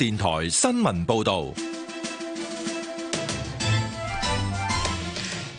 電台新聞報道。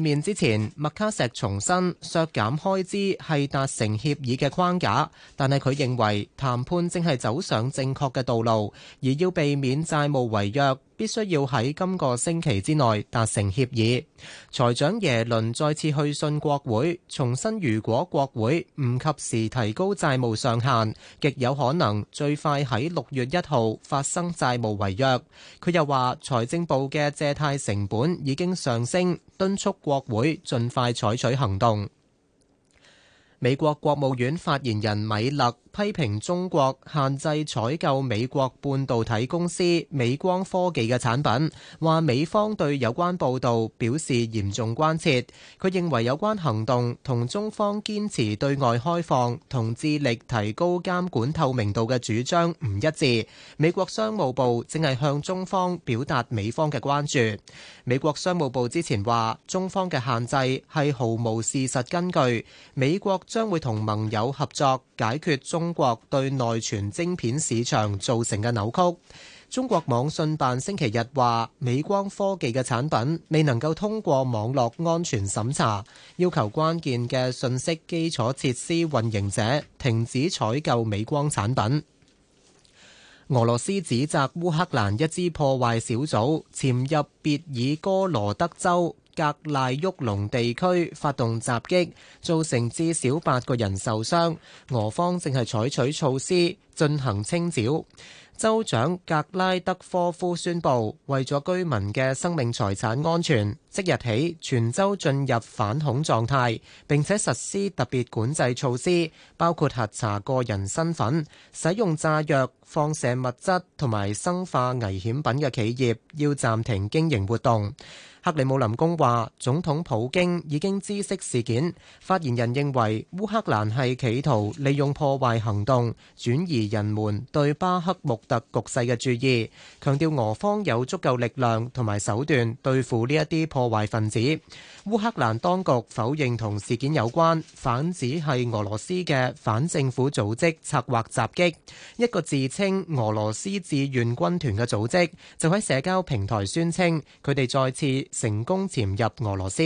面之前，麥卡錫重申削減開支係達成協議嘅框架，但係佢認為談判正係走上正確嘅道路，而要避免債務違約，必須要喺今個星期之內達成協議。財長耶倫再次去信國會，重申如果國會唔及時提高債務上限，極有可能最快喺六月一號發生債務違約。佢又話，財政部嘅借貸成本已經上升，敦促國會盡快採取行動。美國國務院發言人米勒。批評中國限制採購美國半導體公司美光科技嘅產品，話美方對有關報道表示嚴重關切。佢認為有關行動同中方堅持對外開放同致力提高監管透明度嘅主張唔一致。美國商務部正係向中方表達美方嘅關注。美國商務部之前話，中方嘅限制係毫無事實根據。美國將會同盟友合作解決中中國對內存晶片市場造成嘅扭曲。中國網信辦星期日話，美光科技嘅產品未能夠通過網絡安全審查，要求關鍵嘅信息基礎設施運營者停止採購美光產品。俄羅斯指責烏克蘭一支破壞小組潛入別爾哥羅德州。格賴沃龍地區發動襲擊，造成至少八個人受傷。俄方正係採取措施進行清剿。州長格拉德科夫宣布，為咗居民嘅生命財產安全，即日起全州進入反恐狀態，並且實施特別管制措施，包括核查個人身份、使用炸藥。放射物質同埋生化危險品嘅企業要暫停經營活動。克里姆林宮話，總統普京已經知悉事件。發言人認為，烏克蘭係企圖利用破壞行動轉移人們對巴赫穆特局勢嘅注意，強調俄方有足夠力量同埋手段對付呢一啲破壞分子。烏克蘭當局否認同事件有關，反指係俄羅斯嘅反政府組織策策劃襲擊。一個字。稱俄羅斯志願軍團嘅組織就喺社交平台宣稱，佢哋再次成功潛入俄羅斯。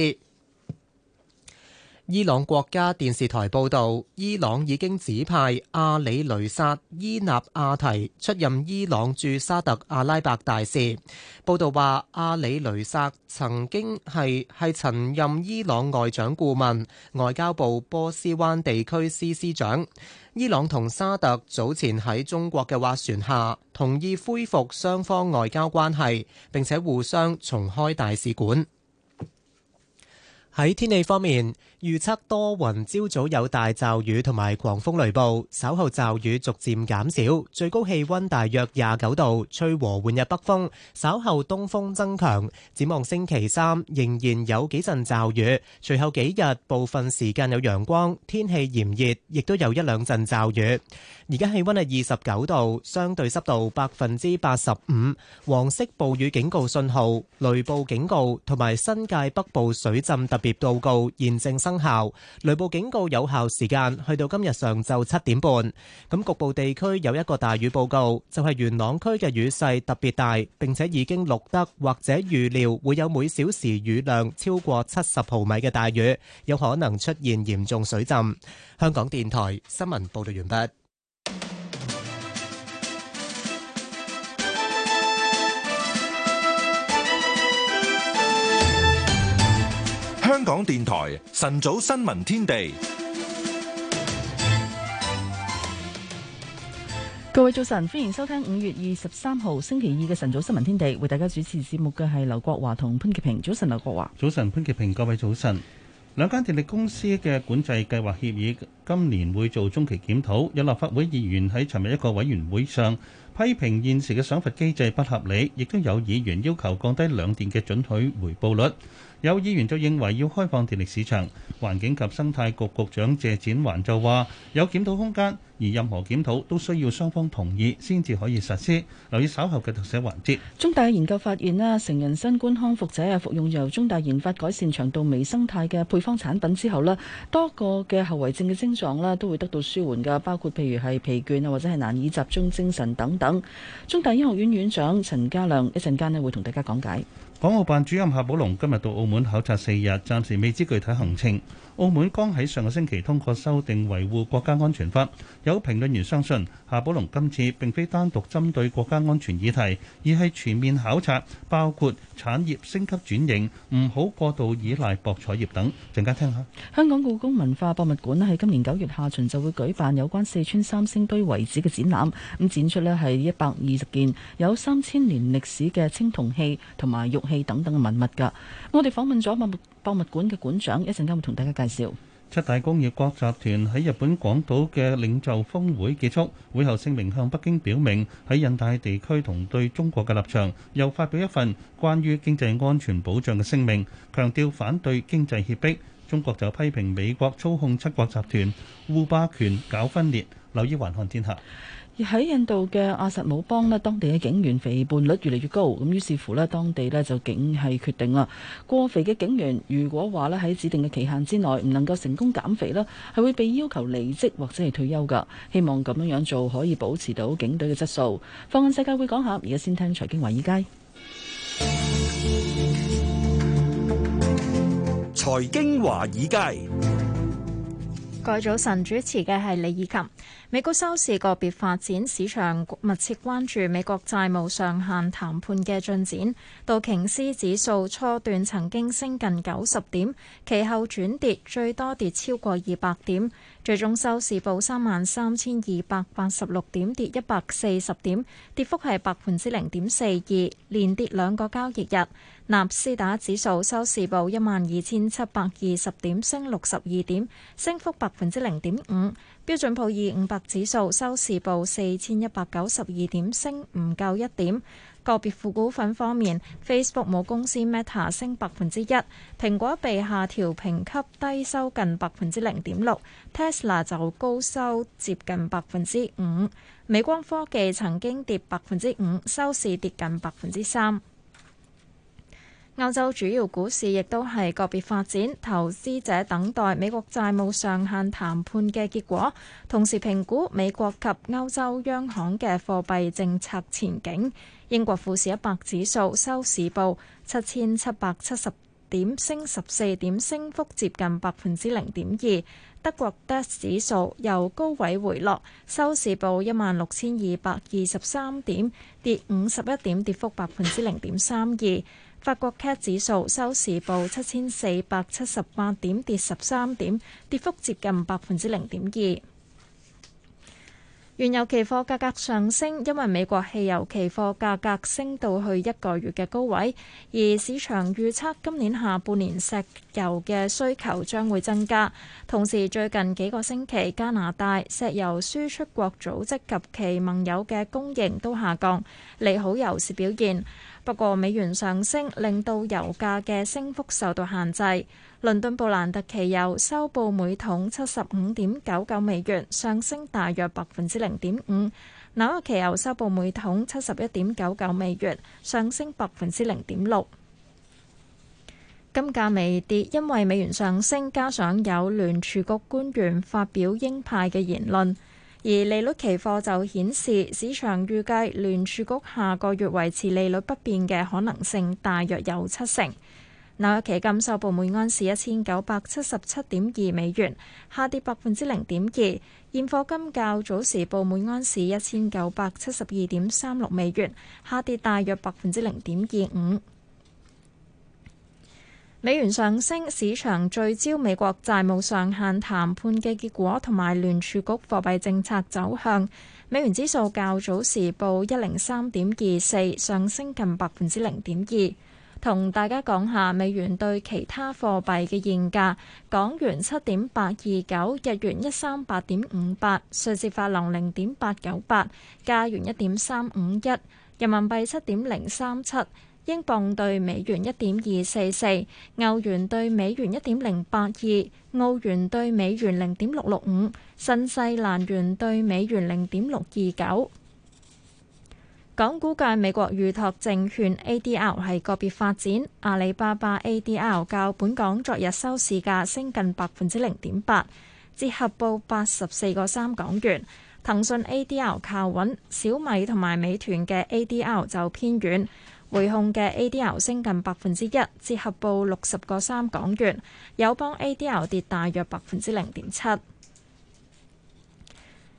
伊朗國家電視台報導，伊朗已經指派阿里雷薩伊納亞提出任伊朗駐沙特阿拉伯大使。報導話，阿里雷薩曾經係係曾任伊朗外長顧問、外交部波斯灣地區司司長。伊朗同沙特早前喺中國嘅斡旋下，同意恢復雙方外交關係，並且互相重開大使館。喺天氣方面。預測多雲，朝早有大驟雨同埋狂風雷暴，稍後驟雨逐漸減少，最高氣溫大約廿九度，吹和緩嘅北風，稍後東風增強。展望星期三仍然有幾陣驟雨，隨後幾日部分時間有陽光，天氣炎熱，亦都有一兩陣驟雨。而家氣溫係二十九度，相對濕度百分之八十五，黃色暴雨警告信號、雷暴警告同埋新界北部水浸特別報告現正生。有效雷暴警告有效時間去到今日上晝七點半，咁局部地區有一個大雨報告，就係元朗區嘅雨勢特別大，並且已經錄得或者預料會有每小時雨量超過七十毫米嘅大雨，有可能出現嚴重水浸。香港電台新聞報道完畢。港電台晨早新聞天地，各位早晨，歡迎收聽五月二十三號星期二嘅晨早新聞天地，為大家主持節目嘅係劉國華同潘潔平。早晨，劉國華，早晨，潘潔平。各位早晨。兩間電力公司嘅管制計劃協議今年會做中期檢討，有立法會議員喺尋日一個委員會上批評現時嘅賞罰機制不合理，亦都有議員要求降低兩電嘅准許回報率。有議員就認為要開放電力市場，環境及生態局局長謝展寰就話有檢討空間，而任何檢討都需要雙方同意先至可以實施。留意稍後嘅特寫環節。中大研究發現啦，成人新冠康復者啊，服用由中大研發改善腸道微生態嘅配方產品之後啦，多個嘅後遺症嘅症狀啦，都會得到舒緩嘅，包括譬如係疲倦啊，或者係難以集中精神等等。中大醫學院院長陳家亮一陣間咧會同大家講解。港澳辦主任夏寶龍今日到澳門考察四日，暫時未知具體行程。澳門剛喺上個星期通過修訂《維護國家安全法》，有評論員相信夏寶龍今次並非單獨針對國家安全議題，而係全面考察，包括產業升級轉型、唔好過度依賴博彩業等。陣間聽下，香港故宮文化博物館喺今年九月下旬就會舉辦有關四川三星堆遺址嘅展覽，咁展出呢係一百二十件有三千年歷史嘅青銅器同埋玉器。等等嘅文物噶，我哋訪問咗博物博物館嘅館長，一陣間會同大家介紹。七大工業國集團喺日本廣島嘅領袖峯會結束，會後聲明向北京表明喺印太地區同對中國嘅立場，又發表一份關於經濟安全保障嘅聲明，強調反對經濟脅迫。中國就批評美國操控七國集團，護霸權、搞分裂。留意環看天下。而喺印度嘅阿薩姆邦咧，當地嘅警員肥胖率越嚟越高，咁於是乎咧，當地咧就警係決定啦，過肥嘅警員如果話咧喺指定嘅期限之內唔能夠成功減肥咧，係會被要求離職或者係退休噶希望咁樣樣做可以保持到警隊嘅質素。放眼世界會講下，而家先聽財經華爾街。財經華爾街，各位早晨，主持嘅係李以琴。美股收市個別發展，市場密切關注美國債務上限談判嘅進展。道瓊斯指數初段曾經升近九十點，其後轉跌，最多跌超過二百點，最終收市報三萬三千二百八十六點，跌一百四十點，跌幅係百分之零點四二，連跌兩個交易日。納斯達指數收市報一萬二千七百二十點，升六十二點，升幅百分之零點五。標準普爾五百指數收市報四千一百九十二點，升唔夠一點。個別副股份方面，Facebook 母公司 Meta 升百分之一，蘋果被下調評級，低收近百分之零點六，Tesla 就高收接近百分之五。美光科技曾經跌百分之五，收市跌近百分之三。歐洲主要股市亦都係個別發展，投資者等待美國債務上限談判嘅結果，同時評估美國及歐洲央行嘅貨幣政策前景。英國富士一百指數收市報七千七百七十點，升十四點，升幅接近百分之零點二。德國 DAX 指數由高位回落，收市報一萬六千二百二十三點，跌五十一點，跌幅百分之零點三二。法國 CAT 指數收市報七千四百七十八點，跌十三點，跌幅接近百分之零點二。原油期貨價格上升，因為美國汽油期貨價格升到去一個月嘅高位，而市場預測今年下半年石油嘅需求將會增加。同時，最近幾個星期加拿大石油輸出國組織及其盟友嘅供應都下降，利好油市表現。不過，美元上升令到油價嘅升幅受到限制。倫敦布蘭特期油收報每桶七十五點九九美元，上升大約百分之零點五。紐約期油收報每桶七十一點九九美元，上升百分之零點六。金價微跌，因為美元上升，加上有聯儲局官員發表鷹派嘅言論，而利率期貨就顯示市場預計聯儲局下個月維持利率不變嘅可能性大約有七成。紐約期金收報每安士一千九百七十七點二美元，下跌百分之零點二；現貨金較早時報每安士一千九百七十二點三六美元，下跌大約百分之零點二五。美元上升，市場聚焦美國債務上限談判嘅結果同埋聯儲局貨幣政策走向。美元指數較早時報一零三點二四，上升近百分之零點二。同大家講下美元對其他貨幣嘅現價：港元七點八二九，日元一三八點五八，瑞士法郎零點八九八，加元一點三五一，人民幣七點零三七，英鎊對美元一點二四四，歐元對美元一點零八二，澳元對美元零點六六五，新西蘭元對美元零點六二九。港股嘅美國預託證券 A.D.R 係個別發展，阿里巴巴 A.D.R 較本港昨日收市價升近百分之零點八，折合報八十四個三港元。騰訊 A.D.R 靠穩，小米同埋美團嘅 A.D.R 就偏遠，匯控嘅 A.D.R 升近百分之一，折合報六十個三港元。友邦 A.D.R 跌大約百分之零點七。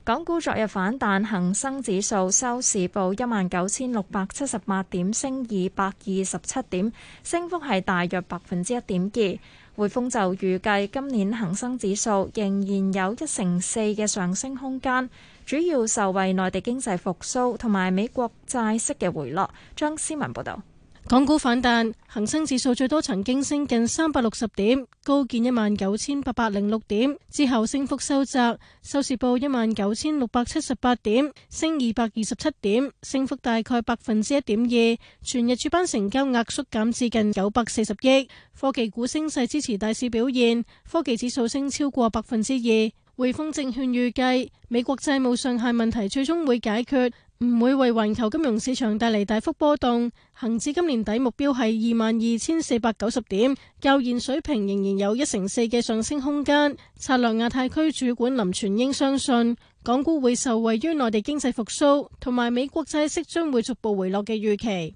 港股昨日反彈，恒生指數收市報一萬九千六百七十八點，升二百二十七點，升幅係大約百分之一點二。匯豐就預計今年恒生指數仍然有一成四嘅上升空間，主要受惠內地經濟復蘇同埋美國債息嘅回落。張思文報道。港股反彈，恒生指數最多曾經升近三百六十點，高見一萬九千八百零六點，之後升幅收窄，收市報一萬九千六百七十八點，升二百二十七點，升幅大概百分之一點二。全日主板成交額縮減至近九百四十億，科技股升勢支持大市表現，科技指數升超過百分之二。匯豐證券預計美國債務上限問題最終會解決。唔會為環球金融市場帶嚟大幅波動。恆指今年底目標係二萬二千四百九十點，較現水平仍然有一成四嘅上升空間。策略亞太區主管林全英相信，港股會受惠於內地經濟復蘇同埋美國債息將會逐步回落嘅預期。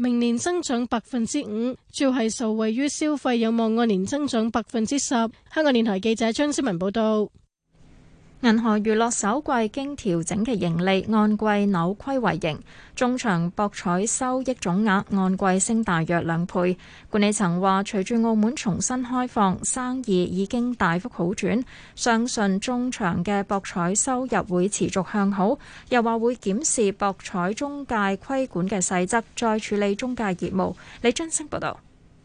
明年增長百分之五，主要係受惠於消費有望按年增長百分之十。香港電台記者張思文報道。銀河娛樂首季經調整嘅盈利按季扭虧為盈，中場博彩收益總額按季升大約兩倍。管理層話，隨住澳門重新開放，生意已經大幅好轉，相信中場嘅博彩收入會持續向好。又話會檢視博彩中介規管嘅細則，再處理中介業務。李津生報道。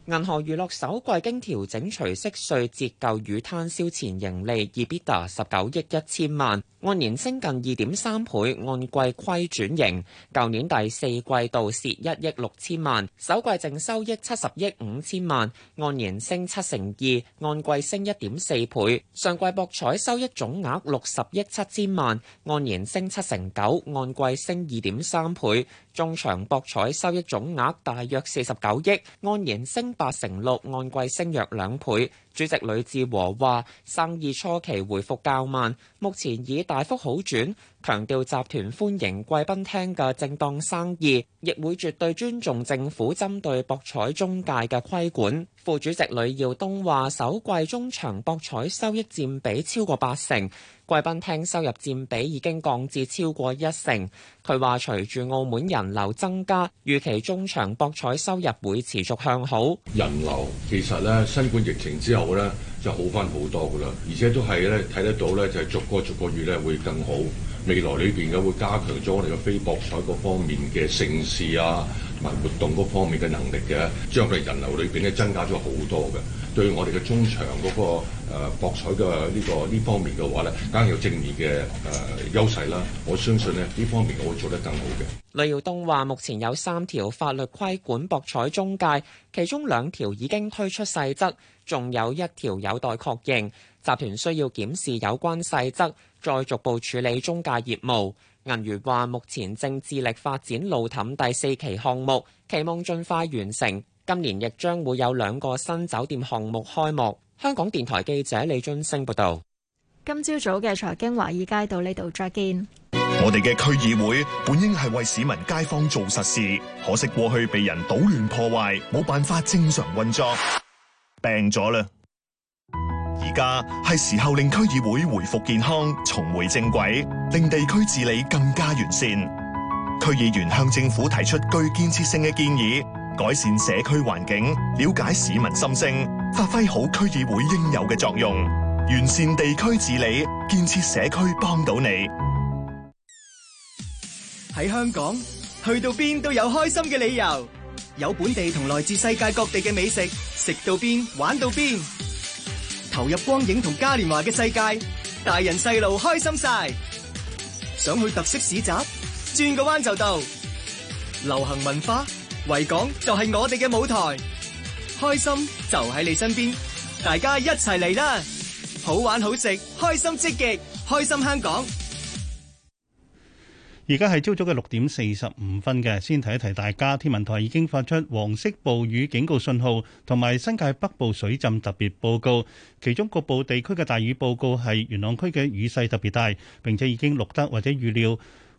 銀行娛樂首季經調整除息稅折舊與攤銷前盈利二 b i 十九億一千萬，按年升近二點三倍，按季虧轉型。舊年第四季度蝕一億六千萬，首季淨收益七十億五千萬，按年升七成二，按季升一點四倍。上季博彩收益總額六十億七千萬，按年升七成九，按季升二點三倍。中場博彩收益總額大約四十九億，按年升八成六，按季升約兩倍。主席呂志和話生意初期回復較慢，目前已大幅好轉。強調集團歡迎貴賓廳嘅正當生意，亦會絕對尊重政府針對博彩中介嘅規管。副主席呂耀東話首季中場博彩收益佔比超過八成，貴賓廳收入佔比已經降至超過一成。佢話隨住澳門人流增加，預期中場博彩收入會持續向好。人流其實咧，新冠疫情之後。好啦，就好翻好多噶啦，而且都係咧睇得到咧，就係、是、逐個逐個月咧會更好。未來裏邊嘅會加強咗我哋嘅非博彩嗰方面嘅盛事啊，同埋活動嗰方面嘅能力嘅，將我哋人流裏邊咧增加咗好多嘅。對我哋嘅中場嗰、那個、呃、博彩嘅呢、這個呢方面嘅話呢更有正面嘅誒優勢啦！我相信呢呢方面我會做得更好嘅。呂耀東話：目前有三條法律規管博彩中介，其中兩條已經推出細則，仲有一條有待確認。集團需要檢視有關細則，再逐步處理中介業務。銀娛話：目前正致力發展路氹第四期項目，期望盡快完成。今年亦將會有兩個新酒店項目開幕。香港電台記者李俊升報道。今朝早嘅財經華爾街到呢度再見。我哋嘅區議會本應係為市民街坊做實事，可惜過去被人搗亂破壞，冇辦法正常運作，病咗啦。而家係時候令區議會回復健康，重回正軌，令地區治理更加完善。區議員向政府提出具建設性嘅建議。改善社區環境，了解市民心聲，發揮好區議會應有嘅作用，完善地區治理，建設社區，幫到你。喺香港，去到邊都有開心嘅理由，有本地同來自世界各地嘅美食，食到邊玩到邊，投入光影同嘉年華嘅世界，大人細路開心晒。想去特色市集，轉個彎就到。流行文化。維港就係我哋嘅舞台，開心就喺你身邊，大家一齊嚟啦！好玩好食，開心積極，開心香港。而家係朝早嘅六點四十五分嘅，先提一提大家，天文台已經發出黃色暴雨警告信號，同埋新界北部水浸特別報告，其中各部地區嘅大雨報告係元朗區嘅雨勢特別大，並且已經錄得或者預料。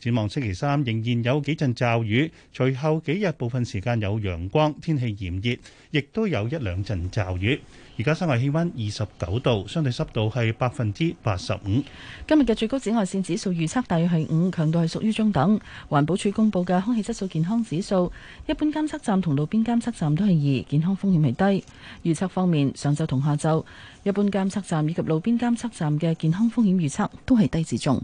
展望星期三仍然有幾陣驟雨，隨後幾日部分時間有陽光，天氣炎熱，亦都有一兩陣驟雨。而家室外氣温二十九度，相對濕度係百分之八十五。今日嘅最高紫外綫指數預測大約係五，強度係屬於中等。環保署公布嘅空氣質素健康指數，一般監測站同路邊監測站都係二，健康風險係低。預測方面，上晝同下晝，一般監測站以及路邊監測站嘅健康風險預測都係低至中。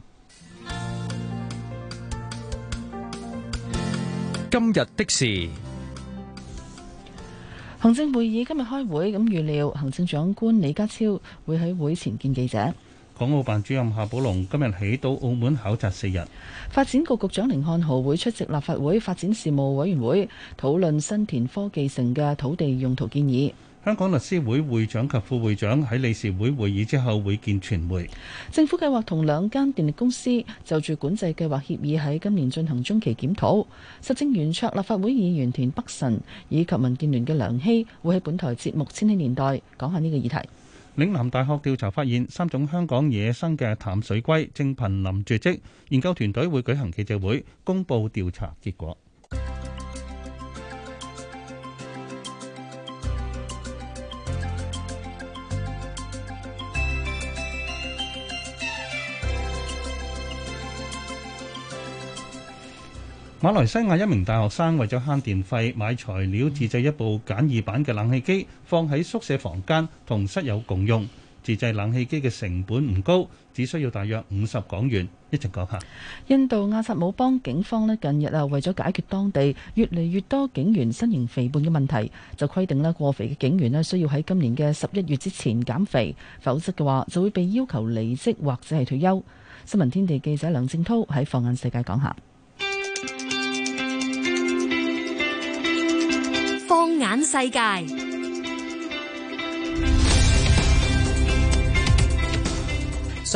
今日的事，行政會議今日開會，咁預料行政長官李家超會喺會前見記者。港澳辦主任夏寶龍今日起到澳門考察四日。發展局局長凌漢豪會出席立法會發展事務委員會，討論新田科技城嘅土地用途建議。香港律師會會長及副會長喺理事會會議之後會見傳媒。政府計劃同兩間電力公司就住管制計劃協議喺今年進行中期檢討。實政圓桌、立法會議員田北辰以及民建聯嘅梁希會喺本台節目《千禧年代》講下呢個議題。嶺南大學調查發現三種香港野生嘅淡水龜正瀕臨絕跡，研究團隊會舉行記者會公佈調查結果。馬來西亞一名大學生為咗慳電費，買材料自製一部簡易版嘅冷氣機，放喺宿舍房間同室友共用。自製冷氣機嘅成本唔高，只需要大約五十港元。一陣講下。印度阿薩姆邦警方呢近日啊，為咗解決當地越嚟越多警員身形肥胖嘅問題，就規定呢過肥嘅警員呢需要喺今年嘅十一月之前減肥，否則嘅話就會被要求離職或者係退休。新聞天地記者梁正濤喺放眼世界講下。眼世界。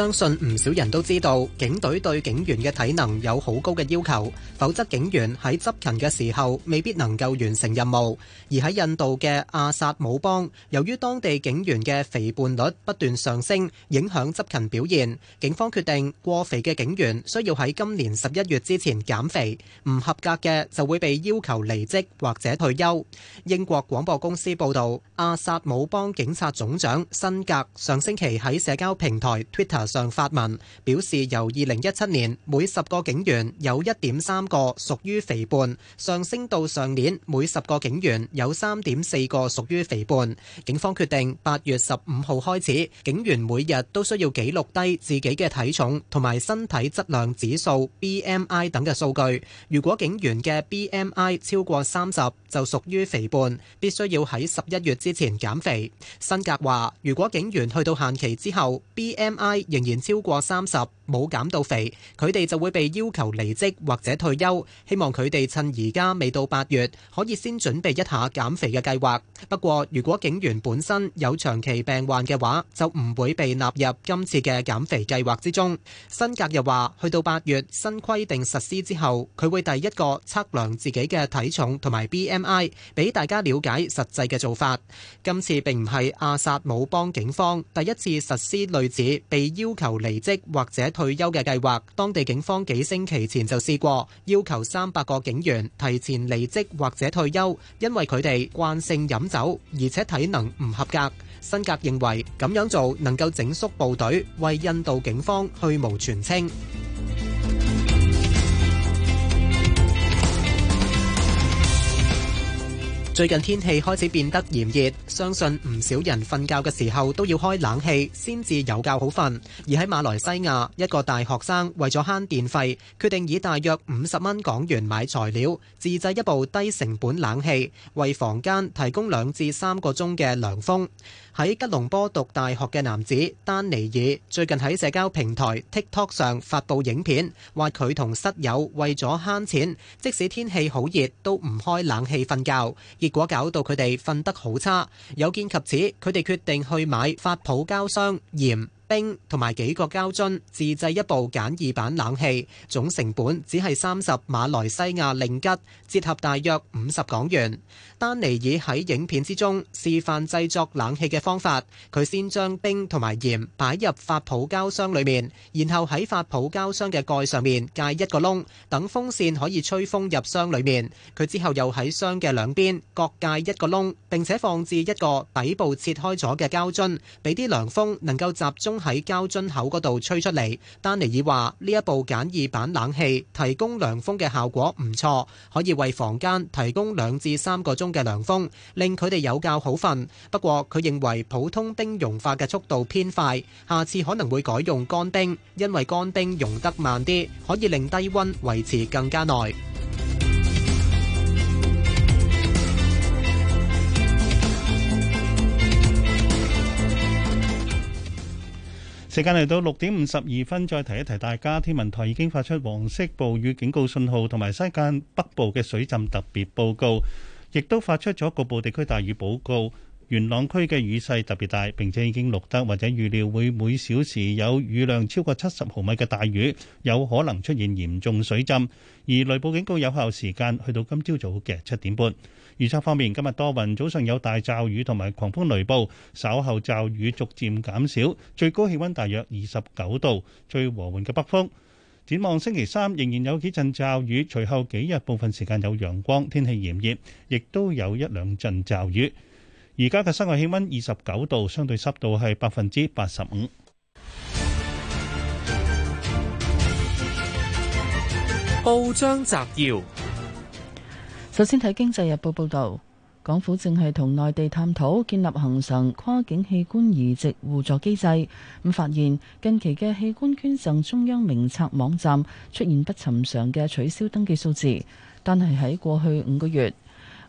相信唔少人都知道，警隊對警員嘅體能有好高嘅要求，否則警員喺執勤嘅時候未必能夠完成任務。而喺印度嘅阿薩姆邦，由於當地警員嘅肥胖率不斷上升，影響執勤表現，警方決定過肥嘅警員需要喺今年十一月之前減肥，唔合格嘅就會被要求離職或者退休。英國廣播公司報道，阿薩姆邦警察總長辛格上星期喺社交平台 Twitter。上發文表示，由，由二零一七年每十個警員有一點三個屬於肥胖，上升到上年每十個警員有三點四個屬於肥胖。警方決定八月十五號開始，警員每日都需要記錄低自己嘅體重同埋身體質量指數 （BMI） 等嘅數據。如果警員嘅 BMI 超過三十，就屬於肥胖，必須要喺十一月之前減肥。辛格話：如果警員去到限期之後，BMI 仍然超過三十。冇減到肥，佢哋就會被要求離職或者退休。希望佢哋趁而家未到八月，可以先準備一下減肥嘅計劃。不過，如果警員本身有長期病患嘅話，就唔會被納入今次嘅減肥計劃之中。辛格又話：去到八月新規定實施之後，佢會第一個測量自己嘅體重同埋 BMI，俾大家了解實際嘅做法。今次並唔係阿薩姆邦警方第一次實施類似被要求離職或者。退休嘅計劃，當地警方幾星期前就試過要求三百個警員提前離職或者退休，因為佢哋慣性飲酒，而且體能唔合格。辛格認為，咁樣做能夠整肅部隊，為印度警方去蕪存菁。最近天氣開始變得炎熱，相信唔少人瞓覺嘅時候都要開冷氣先至有覺好瞓。而喺馬來西亞，一個大學生為咗慳電費，決定以大約五十蚊港元買材料，自製一部低成本冷氣，為房間提供兩至三個鐘嘅涼風。喺吉隆坡讀大學嘅男子丹尼爾最近喺社交平台 TikTok 上發布影片，話佢同室友為咗慳錢，即使天氣好熱都唔開冷氣瞓覺，結果搞到佢哋瞓得好差。有見及此，佢哋決定去買發泡膠箱、鹽、冰同埋幾個膠樽，自製一部簡易版冷氣，總成本只係三十馬來西亞令吉，折合大約五十港元。丹尼爾喺影片之中示範製作冷氣嘅方法。佢先將冰同埋鹽擺入發泡膠箱裏面，然後喺發泡膠箱嘅蓋上面界一個窿，等風扇可以吹風入箱裏面。佢之後又喺箱嘅兩邊各界一個窿，並且放置一個底部切開咗嘅膠樽，俾啲涼風能夠集中喺膠樽口嗰度吹出嚟。丹尼爾話：呢一部簡易版冷氣提供涼風嘅效果唔錯，可以為房間提供兩至三個鐘。嘅涼風令佢哋有覺好瞓，不過佢認為普通冰融化嘅速度偏快，下次可能會改用乾冰，因為乾冰融得慢啲，可以令低温維持更加耐。時間嚟到六點五十二分，再提一提大家，天文台已經發出黃色暴雨警告信號，同埋新界北部嘅水浸特別報告。亦都發出咗局部地區大雨報告，元朗區嘅雨勢特別大，並且已經錄得或者預料會每小時有雨量超過七十毫米嘅大雨，有可能出現嚴重水浸。而雷暴警告有效時間去到今朝早嘅七點半。預測方面，今日多雲，早上有大驟雨同埋狂風雷暴，稍後驟雨逐漸減少，最高氣温大約二十九度，最和緩嘅北風。展望星期三仍然有幾陣驟雨，隨後幾日部分時間有陽光，天氣炎熱，亦都有一兩陣驟雨。而家嘅室外氣温二十九度，相對濕度係百分之八十五。報章摘要，首先睇《經濟日報》報道。港府正係同內地探討建立恆常跨境器官移植互助機制。咁發現近期嘅器官捐贈中央名冊網站出現不尋常嘅取消登記數字，但係喺過去五個月，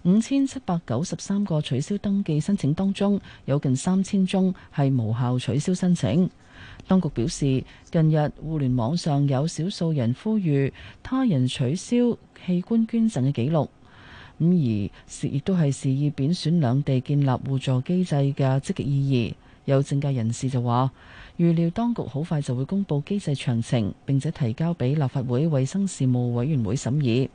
五千七百九十三個取消登記申請當中有近三千宗係無效取消申請。當局表示，近日互聯網上有少數人呼籲他人取消器官捐贈嘅記錄。咁而是亦都係示意貶選兩地建立互助機制嘅積極意義，有政界人士就話預料當局好快就會公布機制詳情，並且提交俾立法會衛生事務委員會審議。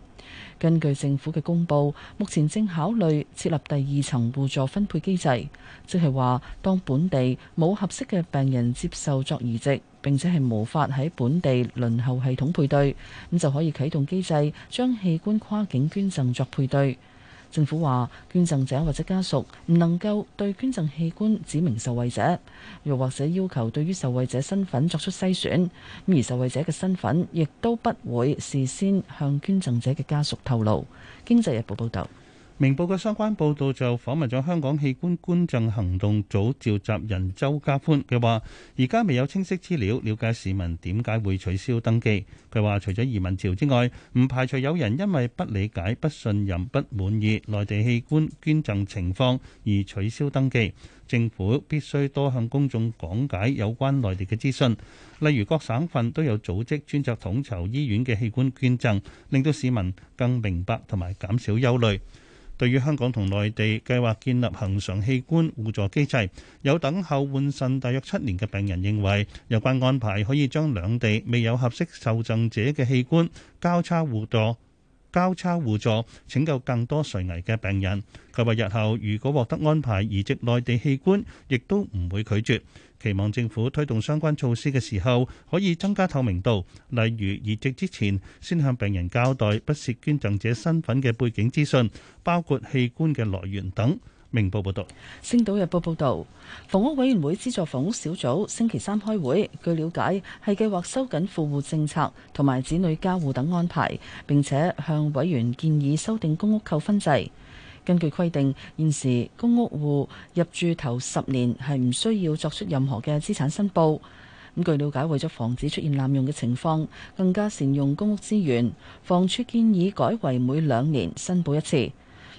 根據政府嘅公布，目前正考慮設立第二層互助分配機制，即係話當本地冇合適嘅病人接受作移植。並且係無法喺本地輪候系統配對，咁就可以啟動機制，將器官跨境捐贈作配對。政府話，捐贈者或者家屬唔能夠對捐贈器官指明受惠者，又或者要求對於受惠者身份作出篩選，而受惠者嘅身份亦都不會事先向捐贈者嘅家屬透露。經濟日報報道。明報嘅相關報導就訪問咗香港器官捐贈行動組召集人周家歡，佢話：而家未有清晰資料了解市民點解會取消登記。佢話，除咗移民潮之外，唔排除有人因為不理解、不信任、不滿意內地器官捐贈情況而取消登記。政府必須多向公眾講解有關內地嘅資訊，例如各省份都有組織專責統籌醫院嘅器官捐贈，令到市民更明白同埋減少憂慮。對於香港同內地計劃建立恒常器官互助機制，有等候換腎大約七年嘅病人認為，有關安排可以將兩地未有合適受贈者嘅器官交叉互助，交叉互助拯救更多垂危嘅病人。佢話：日後如果獲得安排移植內地器官，亦都唔會拒絕。期望政府推動相關措施嘅時候，可以增加透明度，例如移植之前先向病人交代不涉捐贈者身份嘅背景資訊，包括器官嘅來源等。明報報導。《星島日報》報道，房屋委員會資助房屋小組星期三開會，據了解係計劃收緊富戶政策同埋子女加戶等安排，並且向委員建議修訂公屋扣分制。根據規定，現時公屋戶入住頭十年係唔需要作出任何嘅資產申報。咁據了解，為咗防止出現濫用嘅情況，更加善用公屋資源，房署建議改為每兩年申報一次。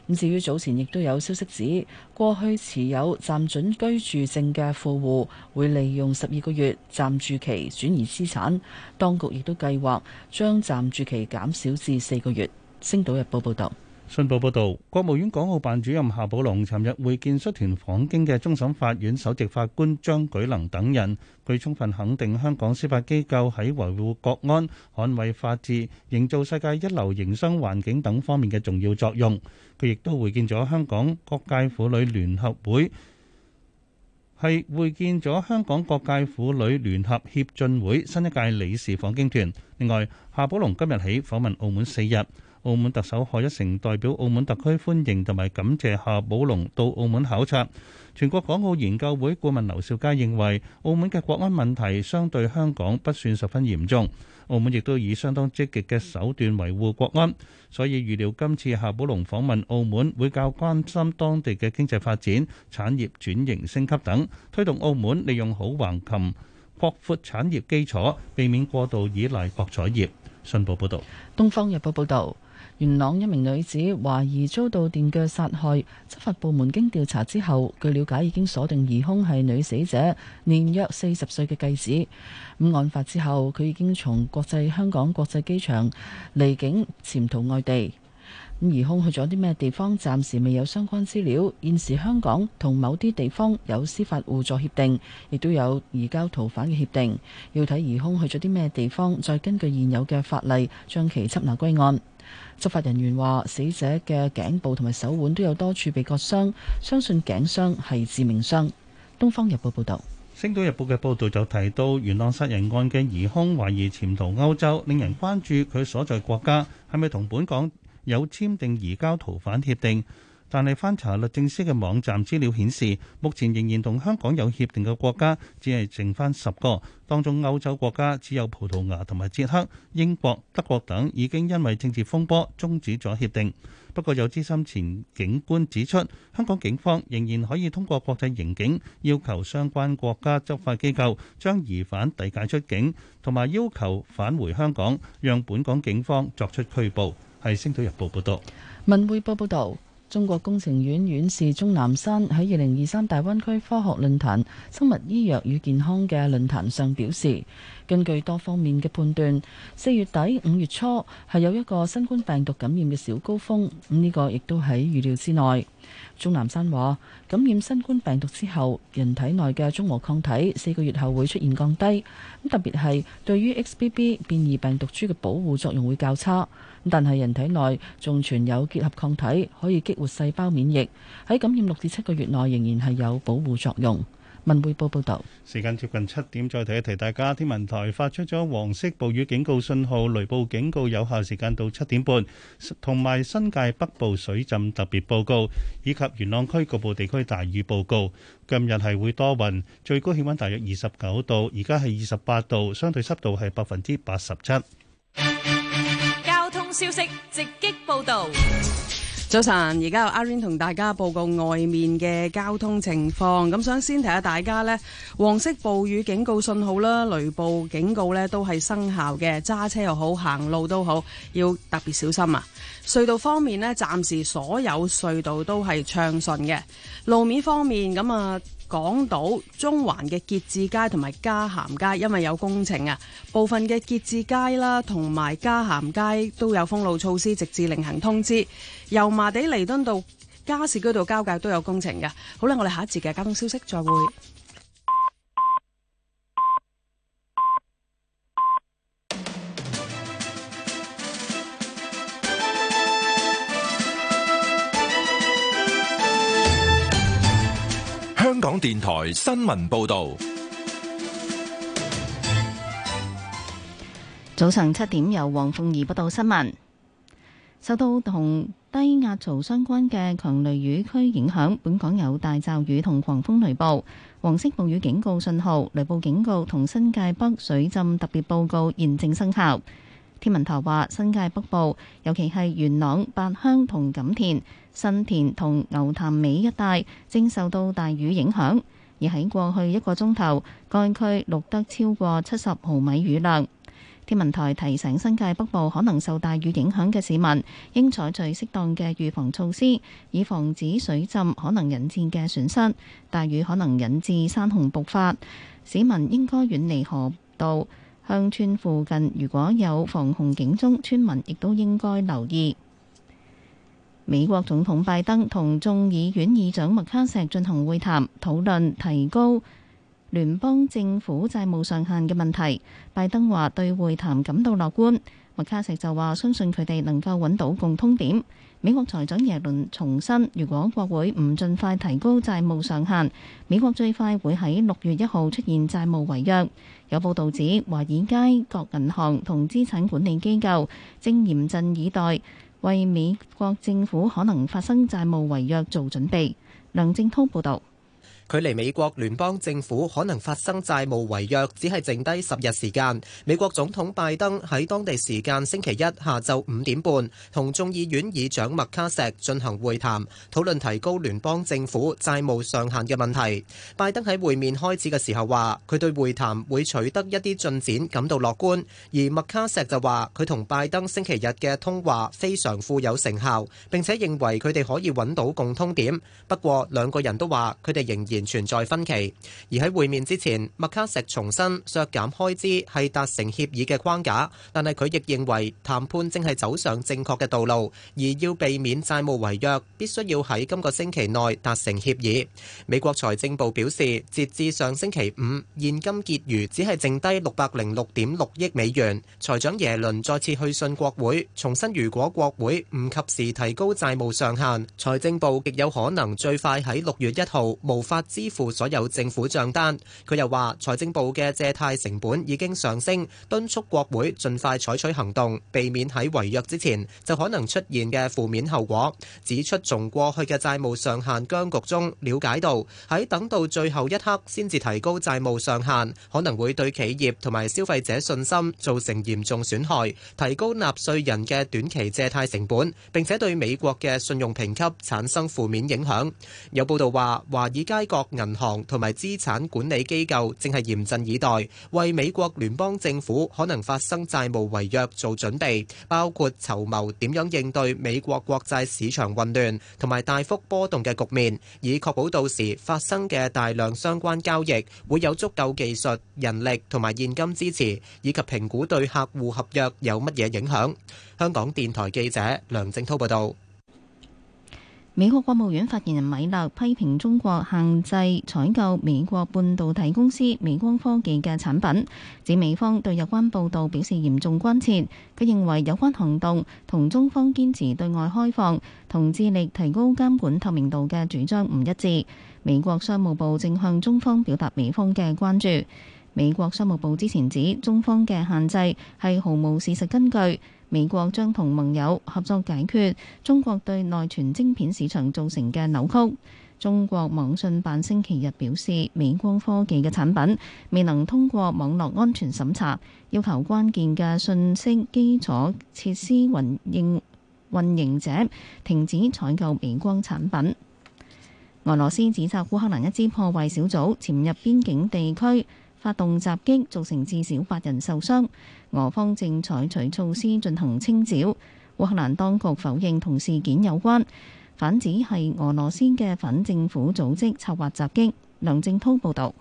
咁至於早前亦都有消息指，過去持有暫准居住證嘅富戶會利用十二個月暫住期轉移資產，當局亦都計劃將暫住期減少至四個月。星島日報報道。信報報道，國務院港澳辦主任夏寶龍尋日會見率團訪京嘅終審法院首席法官張舉能等人，佢充分肯定香港司法機構喺維護國安、捍衛法治、營造世界一流營商環境等方面嘅重要作用。佢亦都會見咗香港各界婦女聯合會，係會見咗香港各界婦女聯合協進會新一屆理事訪京團。另外，夏寶龍今日起訪問澳門四日。澳門特首賀一誠代表澳門特區歡迎同埋感謝夏寶龍到澳門考察。全國港澳研究會顧問劉兆佳認為，澳門嘅國安問題相對香港不算十分嚴重，澳門亦都以相當積極嘅手段維護國安，所以預料今次夏寶龍訪問澳門會較關心當地嘅經濟發展、產業轉型升級等，推動澳門利用好橫琴，擴闊產業基礎，避免過度依賴博彩業。信報報道。東方日報報道。元朗一名女子懷疑遭到電鋸殺害，執法部門經調查之後，據了解已經鎖定疑兇係女死者年約四十歲嘅繼子。咁、嗯、案發之後，佢已經從國際香港國際機場離境潛逃外地。咁疑兇去咗啲咩地方？暫時未有相關資料。現時香港同某啲地方有司法互助協定，亦都有移交逃犯嘅協定。要睇疑兇去咗啲咩地方，再根據現有嘅法例將其緝拿歸案。執法人員話，死者嘅頸部同埋手腕都有多處被割傷，相信頸傷係致命傷。《東方日報》報導，《星島日報》嘅報導就提到，元朗殺人案嘅疑凶懷疑潛逃歐洲，令人關注佢所在國家係咪同本港有簽訂移交逃犯協定。但係，翻查律政司嘅網站資料顯示，目前仍然同香港有協定嘅國家只係剩翻十個，當中歐洲國家只有葡萄牙同埋捷克，英國、德國等已經因為政治風波終止咗協定。不過有資深前警官指出，香港警方仍然可以通過國際刑警要求相關國家執法機構將疑犯遞解出境，同埋要求返回香港，讓本港警方作出拘捕。係《星島日報》報道，《文匯報》報道。中國工程院院士鍾南山喺二零二三大灣區科學論壇生物醫藥與健康嘅論壇上表示，根據多方面嘅判斷，四月底、五月初係有一個新冠病毒感染嘅小高峰，呢個亦都喺預料之內。鐘南山話：感染新冠病毒之後，人體內嘅中和抗體四個月後會出現降低，咁特別係對於 XBB 變異病毒株嘅保護作用會較差。但係人體內仲存有結合抗體，可以激活細胞免疫，喺感染六至七個月內仍然係有保護作用。文匯報報道，時間接近七點，再提一提大家，天文台發出咗黃色暴雨警告信號、雷暴警告，有效時間到七點半，同埋新界北部水浸特別報告，以及元朗區局部地區大雨報告。今日係會多雲，最高氣溫大約二十九度，而家係二十八度，相對濕度係百分之八十七。交通消息直擊報道。早晨，而家有阿 rain 同大家報告外面嘅交通情況。咁想先提下大家呢，黃色暴雨警告信號啦，雷暴警告呢都係生效嘅。揸車又好，行路都好，要特別小心啊！隧道方面呢，暫時所有隧道都係暢順嘅。路面方面咁啊。港島中環嘅結志街同埋嘉咸街，因為有工程啊，部分嘅結志街啦同埋嘉咸街都有封路措施，直至另行通知。油麻地彌敦道加士居道交界都有工程嘅。好啦，我哋下一節嘅交通消息再會。香港電台新聞報道，早上七點由黃鳳儀報道新聞。受到同低壓槽相關嘅強雷雨區影響，本港有大驟雨同狂風雷暴，黃色暴雨警告信號、雷暴警告同新界北水浸特別報告現正生效。天文台話，新界北部尤其係元朗、八鄉同錦田、新田同牛潭尾一帶正受到大雨影響，而喺過去一個鐘頭，該區錄得超過七十毫米雨量。天文台提醒新界北部可能受大雨影響嘅市民，應採取適當嘅預防措施，以防止水浸可能引致嘅損失。大雨可能引致山洪暴發，市民應該遠離河道。鄉村附近如果有防洪警鐘，村民亦都應該留意。美國總統拜登同眾議院議長麥卡錫進行會談，討論提高聯邦政府債務上限嘅問題。拜登話對會談感到樂觀，麥卡錫就話相信佢哋能夠揾到共通點。美國財長耶倫重申，如果國會唔盡快提高債務上限，美國最快會喺六月一號出現債務違約。有報道指，華爾街各銀行同資產管理機構正嚴陣以待，為美國政府可能發生債務違約做準備。梁正濤報道。距離美國聯邦政府可能發生債務違約，只係剩低十日時間。美國總統拜登喺當地時間星期一下晝五點半，同眾議院議長麥卡錫進行會談，討論提高聯邦政府債務上限嘅問題。拜登喺會面開始嘅時候話，佢對會談會取得一啲進展感到樂觀，而麥卡錫就話，佢同拜登星期日嘅通話非常富有成效，並且認為佢哋可以揾到共通點。不過兩個人都話，佢哋仍然仍存在分歧，而喺會面之前，麥卡錫重申削減開支係達成協議嘅框架，但係佢亦認為談判正係走上正確嘅道路，而要避免債務違約，必須要喺今個星期內達成協議。美國財政部表示，截至上星期五，現金結餘只係剩低六百零六點六億美元。財長耶倫再次去信國會，重申如果國會唔及時提高債務上限，財政部極有可能最快喺六月一號無法。支付所有政府帳單。佢又話：財政部嘅借貸成本已經上升，敦促國會盡快採取行動，避免喺違約之前就可能出現嘅負面後果。指出從過去嘅債務上限僵局中瞭解到，喺等到最後一刻先至提高債務上限，可能會對企業同埋消費者信心造成嚴重損害，提高納稅人嘅短期借貸成本，並且對美國嘅信用評級產生負面影響。有報道話，華爾街各各銀行同埋資產管理機構正係嚴陣以待，為美國聯邦政府可能發生債務違約做準備，包括籌謀點樣應對美國國債市場混亂同埋大幅波動嘅局面，以確保到時發生嘅大量相關交易會有足夠技術、人力同埋現金支持，以及評估對客戶合約有乜嘢影響。香港電台記者梁靜濤報道。美國國務院發言人米勒批評中國限制採購美國半導體公司美光科技嘅產品，指美方對有關報道表示嚴重關切。佢認為有關行動同中方堅持對外開放同致力提高監管透明度嘅主張唔一致。美國商務部正向中方表達美方嘅關注。美國商務部之前指中方嘅限制係毫無事實根據。美國將同盟友合作解決中國對內存晶片市場造成嘅扭曲。中國網信辦星期日表示，美光科技嘅產品未能通過網絡安全審查，要求關鍵嘅信息基礎設施運營運營者停止採購美光產品。俄羅斯指責烏克蘭一支破壞小組潛入邊境地區，發動襲擊，造成至少八人受傷。俄方正採取措施進行清剿，烏克蘭當局否認同事件有關，反指係俄羅斯嘅反政府組織策劃襲擊。梁正濤報道。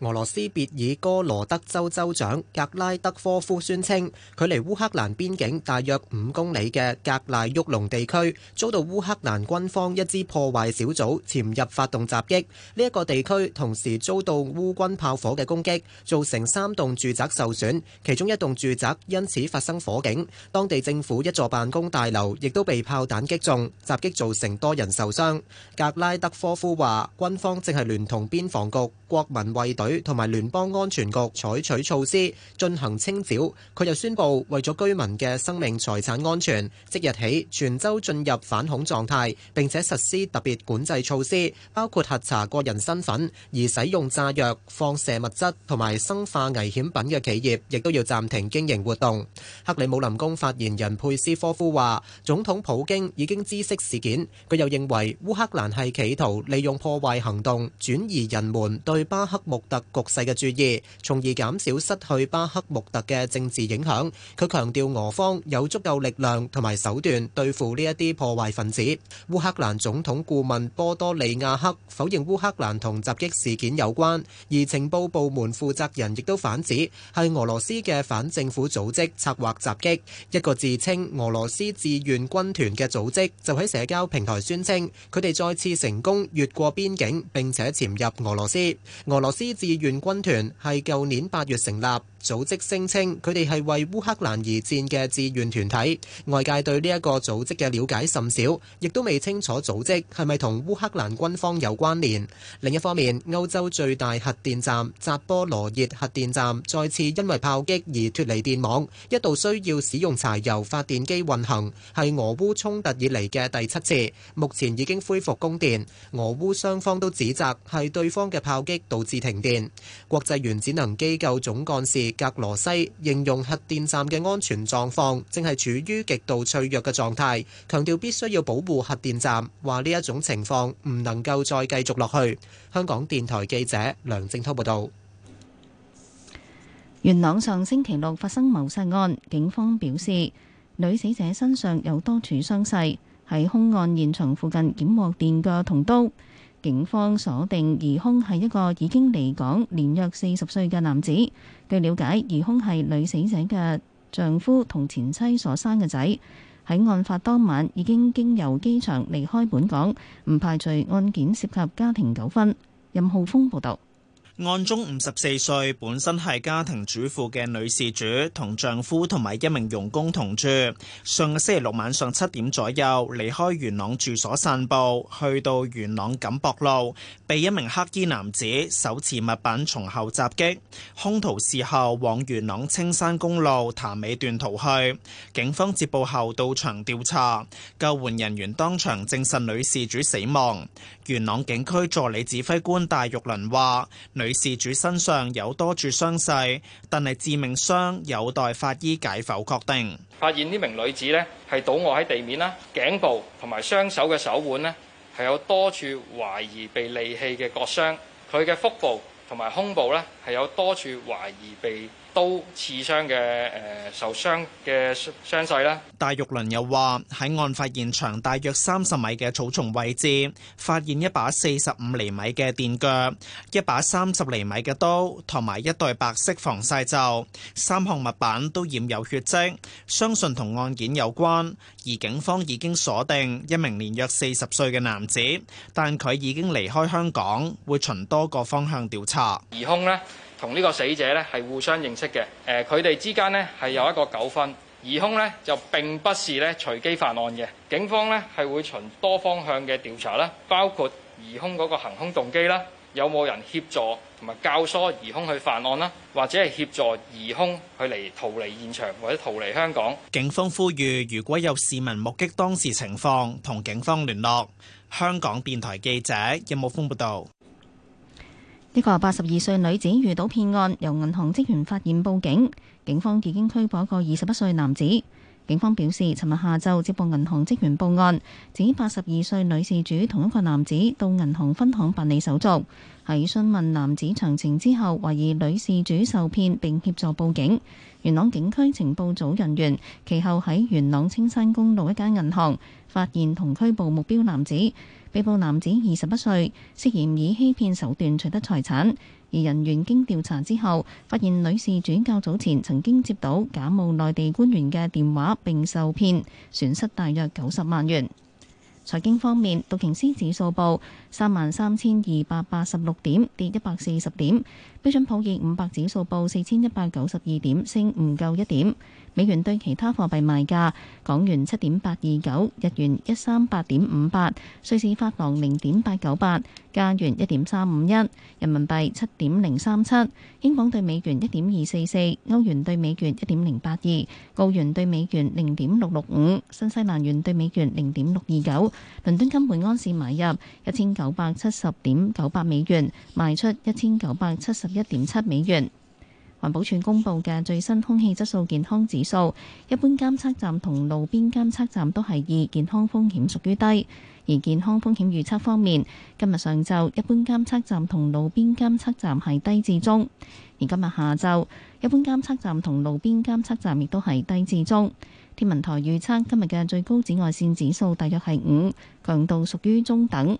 俄羅斯別爾哥羅德州州長格拉德科夫宣稱，距離烏克蘭邊境大約五公里嘅格賴沃隆地區遭到烏克蘭軍方一支破壞小組潛入發動襲擊。呢一個地區同時遭到烏軍炮火嘅攻擊，造成三棟住宅受損，其中一棟住宅因此發生火警。當地政府一座辦公大樓亦都被炮彈擊中，襲擊造成多人受傷。格拉德科夫話：軍方正係聯同邊防局、國民衛隊。同埋聯邦安全局採取措施進行清剿。佢又宣佈為咗居民嘅生命財產安全，即日起全州進入反恐狀態，並且實施特別管制措施，包括核查個人身份，而使用炸藥、放射物質同埋生化危險品嘅企業，亦都要暫停經營活動。克里姆林宮發言人佩斯科夫話，總統普京已經知悉事件。佢又認為烏克蘭係企圖利用破壞行動轉移人們對巴赫穆特局勢嘅注意，從而減少失去巴克穆特嘅政治影響。佢強調俄方有足夠力量同埋手段對付呢一啲破壞分子。烏克蘭總統顧問波多利亞克否認烏克蘭同襲擊事件有關，而情報部門負責人亦都反指係俄羅斯嘅反政府組織策劃襲擊。一個自稱俄羅斯志願軍團嘅組織就喺社交平台宣稱，佢哋再次成功越過邊境，並且潛入俄羅斯。俄羅斯議員軍團係舊年八月成立。組織聲稱佢哋係為烏克蘭而戰嘅志願團體，外界對呢一個組織嘅了解甚少，亦都未清楚組織係咪同烏克蘭軍方有關聯。另一方面，歐洲最大核電站扎波羅熱核電站再次因為炮擊而脫離電網，一度需要使用柴油發電機運行，係俄烏衝突以嚟嘅第七次。目前已經恢復供電，俄烏雙方都指責係對方嘅炮擊導致停電。國際原子能機構總幹事，格羅西形容核電站嘅安全狀況正係處於極度脆弱嘅狀態，強調必須要保護核電站，話呢一種情況唔能夠再繼續落去。香港電台記者梁正濤報道：元朗上星期六發生謀殺案，警方表示女死者身上有多處傷勢，喺凶案現場附近檢獲電鋸、同刀。警方鎖定疑凶係一個已經離港年約四十歲嘅男子。據了解，疑凶係女死者嘅丈夫同前妻所生嘅仔，喺案發當晚已經經由機場離開本港，唔排除案件涉及家庭糾紛。任浩峰報道。案中五十四歲，本身係家庭主婦嘅女事主，同丈夫同埋一名傭工同住。上個星期六晚上七點左右，離開元朗住所散步，去到元朗錦壆路，被一名黑衣男子手持物品從後襲擊，兇徒事後往元朗青山公路潭尾段逃去。警方接報後到場調查，救援人員當場證實女事主死亡。元朗警區助理指揮官戴玉麟話：女事主身上有多處傷勢，但係致命傷有待法醫解剖確定。發現呢名女子呢係倒卧喺地面啦，頸部同埋雙手嘅手腕呢係有多處懷疑被利器嘅割傷，佢嘅腹部同埋胸部呢係有多處懷疑被刀刺傷嘅誒、呃、受傷嘅傷勢啦。戴玉麟又話喺案發現場大約三十米嘅草叢位置，發現一把四十五厘米嘅電鋸，一把三十厘米嘅刀同埋一對白色防曬罩，三項物品都染有血跡，相信同案件有關。而警方已經鎖定一名年約四十歲嘅男子，但佢已經離開香港，會循多個方向調查疑兇呢同呢個死者咧係互相認識嘅，誒佢哋之間咧係有一個糾紛，疑兇咧就並不是咧隨機犯案嘅，警方咧係會循多方向嘅調查啦，包括疑兇嗰個行兇動機啦，有冇人協助同埋教唆疑兇去犯案啦，或者係協助疑兇去嚟逃離現場或者逃離香港。警方呼籲如果有市民目擊當時情況，同警方聯絡。香港電台記者任武峯報導。一個八十二歲女子遇到騙案，由銀行職員發現報警，警方已經拘捕一個二十一歲男子。警方表示，尋日下晝接報銀行職員報案，指八十二歲女事主同一個男子到銀行分行辦理手續，喺詢問男子詳情之後，懷疑女事主受騙，並協助報警。元朗警區情報組人員，其後喺元朗青山公路一間銀行發現同拘捕目標男子。被捕男子二十一歲，涉嫌以欺騙手段取得財產。而人員經調查之後，發現女事主較早前曾經接到假冒內地官員嘅電話，並受騙，損失大約九十萬元。財經方面，道瓊斯指數報三萬三千二百八十六點，跌一百四十點。標準普爾五百指數報四千一百九十二點，升唔夠一點。美元對其他貨幣賣價：港元七點八二九，日元一三八點五八，瑞士法郎零點八九八，加元一點三五一，人民幣七點零三七，英鎊對美元一點二四四，歐元對美元一點零八二，澳元對美元零點六六五，新西蘭元對美元零點六二九。倫敦金每盎司買入一千九百七十點九八美元，賣出一千九百七十一點七美元。環保署公布嘅最新空氣質素健康指數，一般監測站同路邊監測站都係二，健康風險屬於低。而健康風險預測方面，今日上晝一般監測站同路邊監測站係低至中，而今日下晝一般監測站同路邊監測站亦都係低至中。天文台預測今日嘅最高紫外線指數大約係五，強度屬於中等。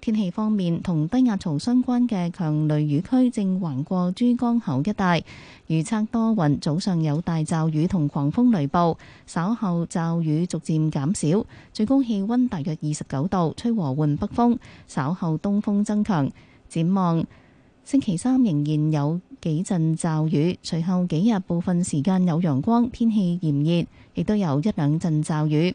天氣方面，同低壓槽相關嘅強雷雨區正橫過珠江口一帶，預測多雲，早上有大驟雨同狂風雷暴，稍後驟雨逐漸減少，最高氣溫大約二十九度，吹和緩北風，稍後東風增強。展望星期三仍然有幾陣驟雨，隨後幾日部分時間有陽光，天氣炎熱，亦都有一兩陣驟雨。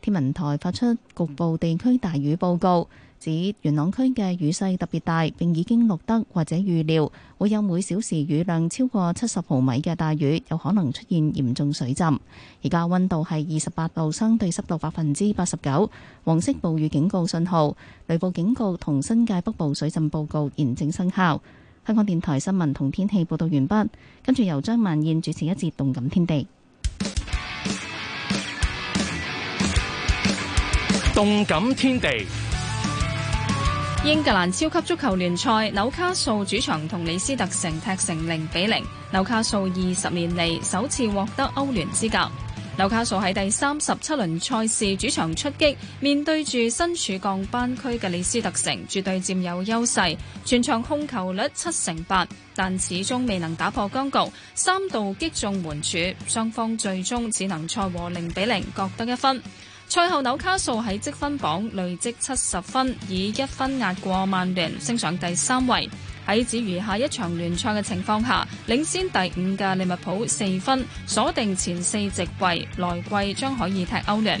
天文台發出局部地區大雨報告。指元朗區嘅雨勢特別大，並已經錄得或者預料會有每小時雨量超過七十毫米嘅大雨，有可能出現嚴重水浸。而家溫度係二十八度，相對濕度百分之八十九。黃色暴雨警告信號、雷暴警告同新界北部水浸報告現正生效。香港電台新聞同天氣報道完畢，跟住由張曼燕主持一節《動感天地》。《動感天地》英格蘭超級足球聯賽紐卡素主場同李斯特城踢成零比零，紐卡素二十年嚟首次獲得歐聯資格。紐卡素喺第三十七輪賽事主場出擊，面對住身處降班區嘅李斯特城，絕對佔有優勢，全場控球率七成八，但始終未能打破僵局，三度擊中門柱，雙方最終只能賽和零比零，各得一分。賽後紐卡素喺積分榜累積七十分，以一分壓過曼聯，升上第三位。喺只餘下一場聯賽嘅情況下，領先第五嘅利物浦四分，鎖定前四席位，來季將可以踢歐聯。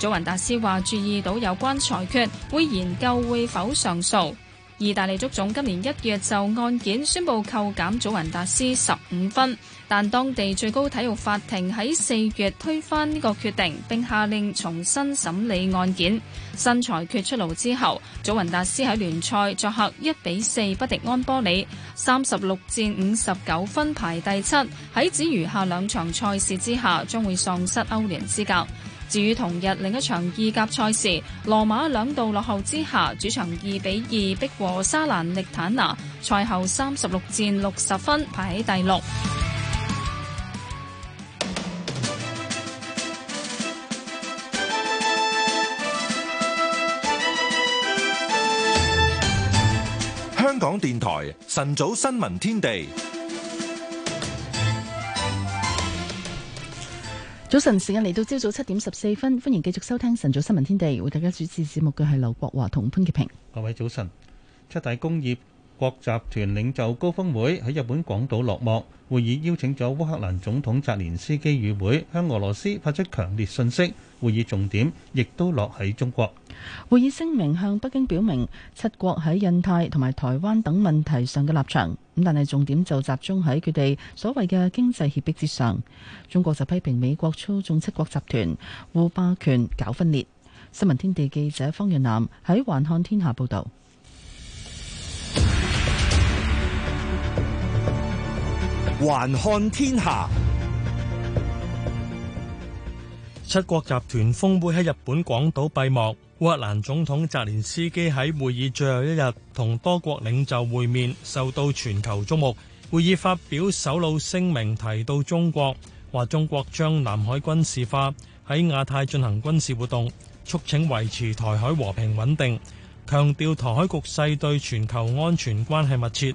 祖雲達斯話：注意到有關裁決，會研究會否上訴。義大利足總今年一月就案件宣布扣減祖雲達斯十五分，但當地最高體育法庭喺四月推翻呢個決定，並下令重新審理案件。新裁決出爐之後，祖雲達斯喺聯賽作客一比四不敵安波里，三十六戰五十九分排第七，喺只餘下兩場賽事之下，將會喪失歐聯資格。至於同日另一場意甲賽事，羅馬兩度落後之下，主場二比二逼和沙蘭力坦拿，賽後三十六戰六十分，排喺第六。香港電台晨早新聞天地。早晨，時間嚟到朝早七點十四分，歡迎繼續收聽晨早新聞天地，為大家主持節目嘅係劉國華同潘潔平。各位早晨，七大工業。國集團領袖高峰會喺日本廣島落幕，會議邀請咗烏克蘭總統澤連斯基與會，向俄羅斯發出強烈訊息。會議重點亦都落喺中國。會議聲明向北京表明七國喺印太同埋台灣等問題上嘅立場，咁但係重點就集中喺佢哋所謂嘅經濟脅迫之上。中國就批評美國操縱七國集團，護霸權、搞分裂。新聞天地記者方若南喺環看天下報道。環看天下，七國集團峰會喺日本廣島閉幕。烏克蘭總統澤連斯基喺會議最後一日同多國領袖會面，受到全球矚目。會議發表首腦聲明，提到中國，話中國將南海軍事化，喺亞太進行軍事活動，促請維持台海和平穩定，強調台海局勢對全球安全關係密切。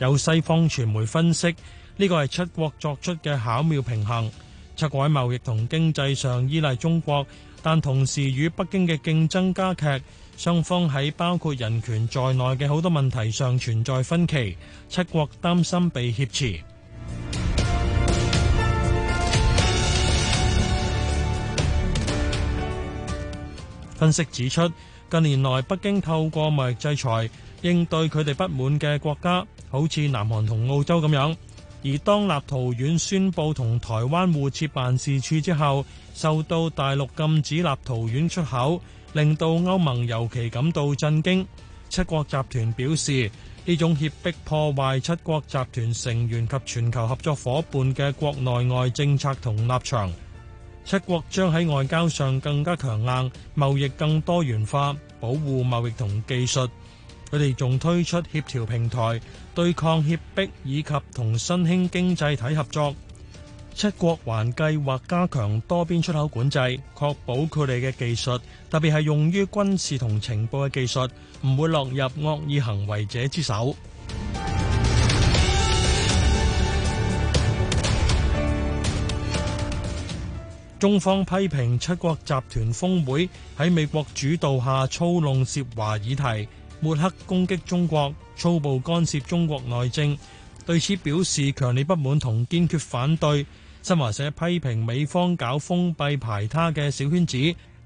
有西方傳媒分析，呢個係七國作出嘅巧妙平衡。七國喺貿易同經濟上依賴中國，但同時與北京嘅競爭加劇，雙方喺包括人權在內嘅好多問題上存在分歧。七國擔心被挾持。分析指出，近年來北京透過貿易制裁，應對佢哋不滿嘅國家，好似南韓同澳洲咁樣。而當立陶宛宣布同台灣互設辦事處之後，受到大陸禁止立陶宛出口，令到歐盟尤其感到震驚。七國集團表示，呢種脅迫破壞七國集團成員及全球合作夥伴嘅國內外政策同立場，七國將喺外交上更加強硬，貿易更多元化，保護貿易同技術。佢哋仲推出協調平台，對抗脅迫，以及同新興經濟體合作。七國還計劃加強多邊出口管制，確保佢哋嘅技術，特別係用於軍事同情報嘅技術，唔會落入惡意行為者之手。 中方批評七國集團峰會喺美國主導下操弄涉華議題，抹黑攻擊中國、粗暴干涉中國內政，對此表示強烈不滿同堅決反對。新華社批評美方搞封閉排他嘅小圈子，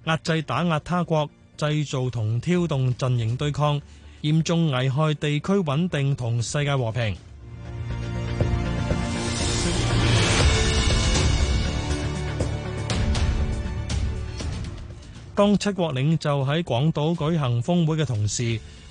壓制打壓他國，製造同挑動陣營對抗，嚴重危害地區穩定同世界和平。當七國領袖喺廣島舉行峰會嘅同時，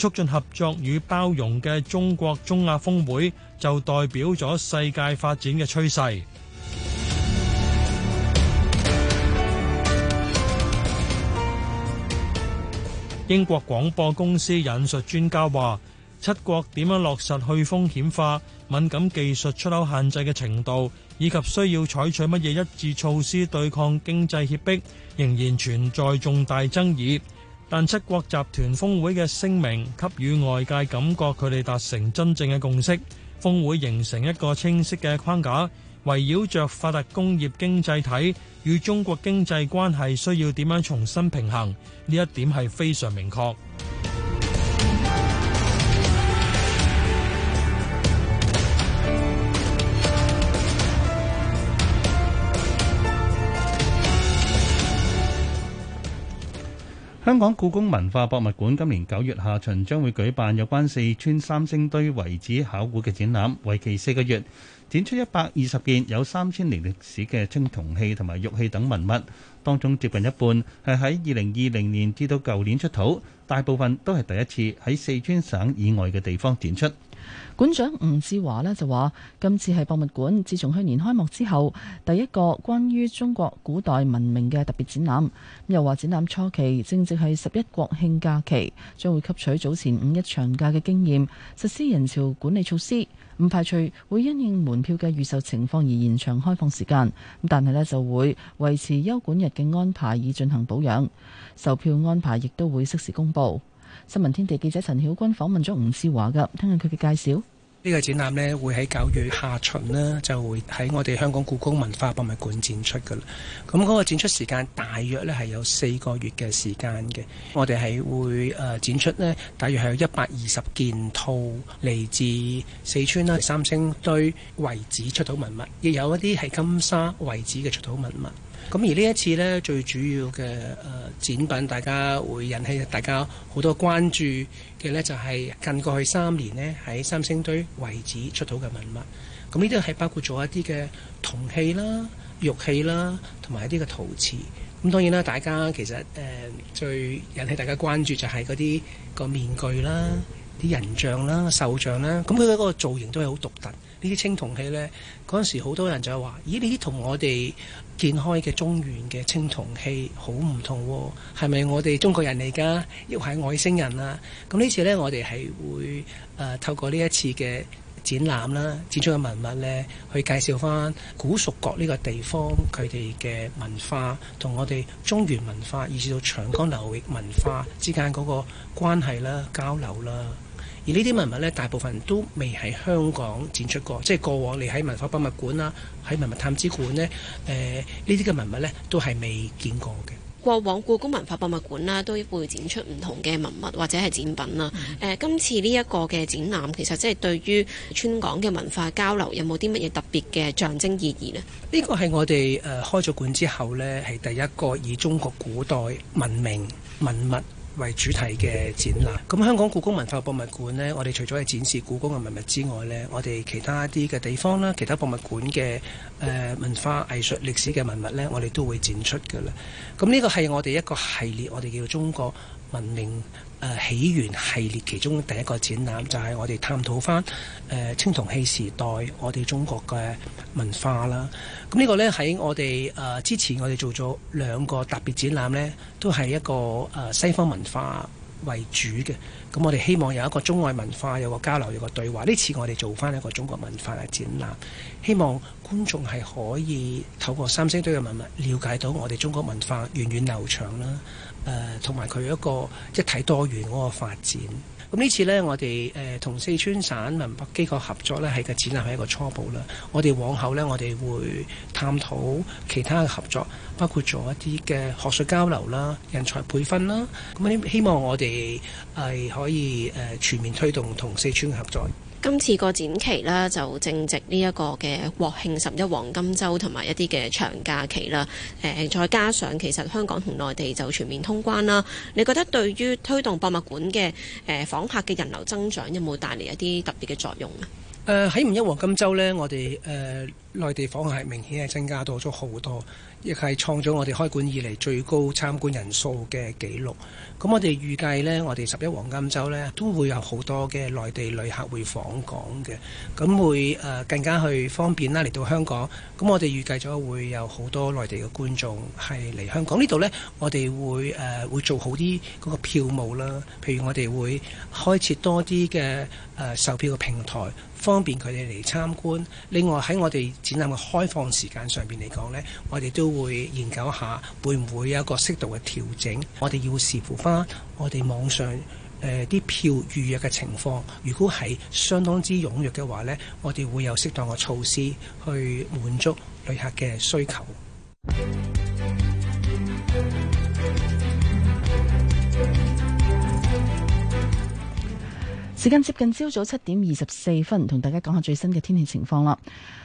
促進合作與包容嘅中國中亞峰會，就代表咗世界發展嘅趨勢。英國廣播公司引述專家話，七國點樣落實去風險化、敏感技術出口限制嘅程度，以及需要採取乜嘢一致措施對抗經濟脅迫，仍然存在重大爭議。但七國集團峰會嘅聲明給予外界感覺，佢哋達成真正嘅共識，峰會形成一個清晰嘅框架，圍繞着發達工業經濟體與中國經濟關係需要點樣重新平衡，呢一點係非常明確。香港故宮文化博物館今年九月下旬將會舉辦有關四川三星堆遺址考古嘅展覽，為期四個月，展出一百二十件有三千年歷史嘅青銅器同埋玉器等文物，當中接近一半係喺二零二零年至到舊年出土，大部分都係第一次喺四川省以外嘅地方展出。館長吳志華呢就話：今次係博物館自從去年開幕之後第一個關於中國古代文明嘅特別展覽。又話展覽初期正值係十一國慶假期，將會吸取早前五一長假嘅經驗，實施人潮管理措施。唔排除會因應門票嘅預售情況而延長開放時間。但係呢就會維持休館日嘅安排以進行保養，售票安排亦都會適時公布。新聞天地記者陳曉君訪問咗吳志華噶，聽下佢嘅介紹。呢個展覽咧會喺九月下旬啦，就會喺我哋香港故宮文化博物館展出噶啦。咁嗰個展出時間大約咧係有四個月嘅時間嘅。我哋係會誒、呃、展出呢，大約係有一百二十件套嚟自四川啦，三星堆遺址出土文物，亦有一啲係金沙遺址嘅出土文物。咁而呢一次呢，最主要嘅誒展品，大家會引起大家好多關注嘅呢，就係近過去三年呢，喺三星堆遺址出土嘅文物。咁呢啲係包括咗一啲嘅銅器啦、玉器啦，同埋一啲嘅陶瓷。咁當然啦，大家其實誒最引起大家關注就係嗰啲個面具啦、啲、嗯、人像啦、獸像啦。咁佢嗰個造型都係好獨特。呢啲青銅器呢，嗰陣時好多人就係話：咦，呢啲同我哋見開嘅中原嘅青銅器好唔同喎。哦，係咪我哋中國人嚟㗎？抑係外星人啊？咁呢次呢，我哋係會誒、呃、透過呢一次嘅展覽啦，展出嘅文物呢，去介紹返古蜀國呢個地方佢哋嘅文化，同我哋中原文化，以至到長江流域文化之間嗰個關係啦、交流啦。而呢啲文物咧，大部分都未喺香港展出過，即係過往你喺文化博物館啦，喺文物探知館咧，誒呢啲嘅文物咧都係未見過嘅。過往故宮文化博物館啦，都會展出唔同嘅文物或者係展品啦。誒、呃，今次呢一個嘅展覽其實即係對於川港嘅文化交流有冇啲乜嘢特別嘅象徵意義咧？呢個係我哋誒開咗館之後咧，係第一個以中國古代文明文物為主題嘅展覽，咁、嗯、香港故宮文化博物館呢，我哋除咗係展示故宮嘅文物之外呢，我哋其他一啲嘅地方啦，其他博物館嘅誒、呃、文化藝術歷史嘅文物呢，我哋都會展出㗎喇。咁呢個係我哋一個系列，我哋叫做中國文明。誒、啊、起源系列其中第一個展覽就係、是、我哋探討翻誒青銅器時代我哋中國嘅文化啦。咁、嗯，這個、呢個咧喺我哋誒、呃、之前我哋做咗兩個特別展覽咧，都係一個誒、呃、西方文化為主嘅。咁、嗯、我哋希望有一個中外文化有個交流，有個對話。呢次我哋做翻一個中國文化嘅展覽，希望觀眾係可以透過三星堆嘅文物了解到我哋中國文化源遠流長啦。誒同埋佢一個一體多元嗰個發展，咁呢次呢，我哋誒同四川省文博機構合作呢係個展覽係一個初步啦。我哋往後呢，我哋會探討其他嘅合作，包括做一啲嘅學術交流啦、人才培訓啦。咁希望我哋係可以誒全面推動同四川合作。今次個展期呢，就正值呢一個嘅國慶十一黃金週同埋一啲嘅長假期啦。誒、呃，再加上其實香港同內地就全面通關啦。你覺得對於推動博物館嘅誒、呃、訪客嘅人流增長，有冇帶嚟一啲特別嘅作用啊？誒、呃，喺五一黃金週呢，我哋誒、呃、內地訪客係明顯係增加到咗好多。亦係創咗我哋開館以嚟最高參觀人數嘅紀錄。咁我哋預計呢，我哋十一黃金周呢都會有好多嘅內地旅客會訪港嘅，咁會誒、呃、更加去方便啦嚟到香港。咁我哋預計咗會有好多內地嘅觀眾係嚟香港呢度呢，我哋會誒、呃、會做好啲嗰個票務啦。譬如我哋會開設多啲嘅誒售票嘅平台。方便佢哋嚟參觀。另外喺我哋展覽嘅開放時間上邊嚟講咧，我哋都會研究一下會唔會有一個適度嘅調整。我哋要視乎翻我哋網上誒啲、呃、票預約嘅情況，如果係相當之踴躍嘅話咧，我哋會有適當嘅措施去滿足旅客嘅需求。時間接近朝早七點二十四分，同大家講下最新嘅天氣情況啦。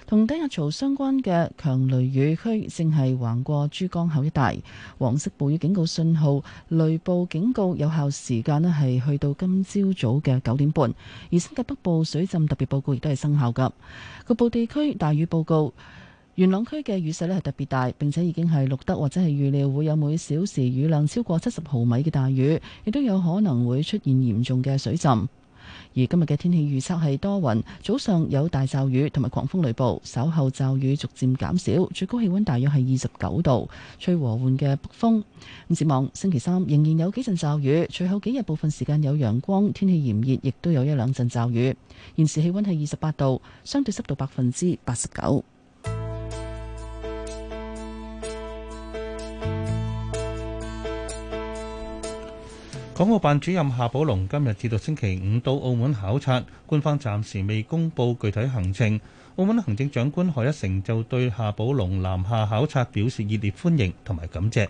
同低壓槽相關嘅強雷雨區正係橫過珠江口一帶，黃色暴雨警告信號、雷暴警告有效時間咧係去到今朝早嘅九點半。而新界北部水浸特別報告亦都係生效㗎。局部地區大雨報告，元朗區嘅雨勢咧係特別大，並且已經係錄得或者係預料會有每小時雨量超過七十毫米嘅大雨，亦都有可能會出現嚴重嘅水浸。而今日嘅天氣預測係多雲，早上有大驟雨同埋狂風雷暴，稍後驟雨逐漸減少，最高氣溫大約係二十九度，吹和緩嘅北風。咁展望星期三仍然有幾陣驟雨，隨後幾日部分時間有陽光，天氣炎熱，亦都有一兩陣驟雨。現時氣溫係二十八度，相對濕度百分之八十九。港澳辦主任夏寶龍今日至到星期五到澳門考察，官方暫時未公布具體行程。澳門行政長官賀一誠就對夏寶龍南下考察表示熱烈歡迎同埋感謝。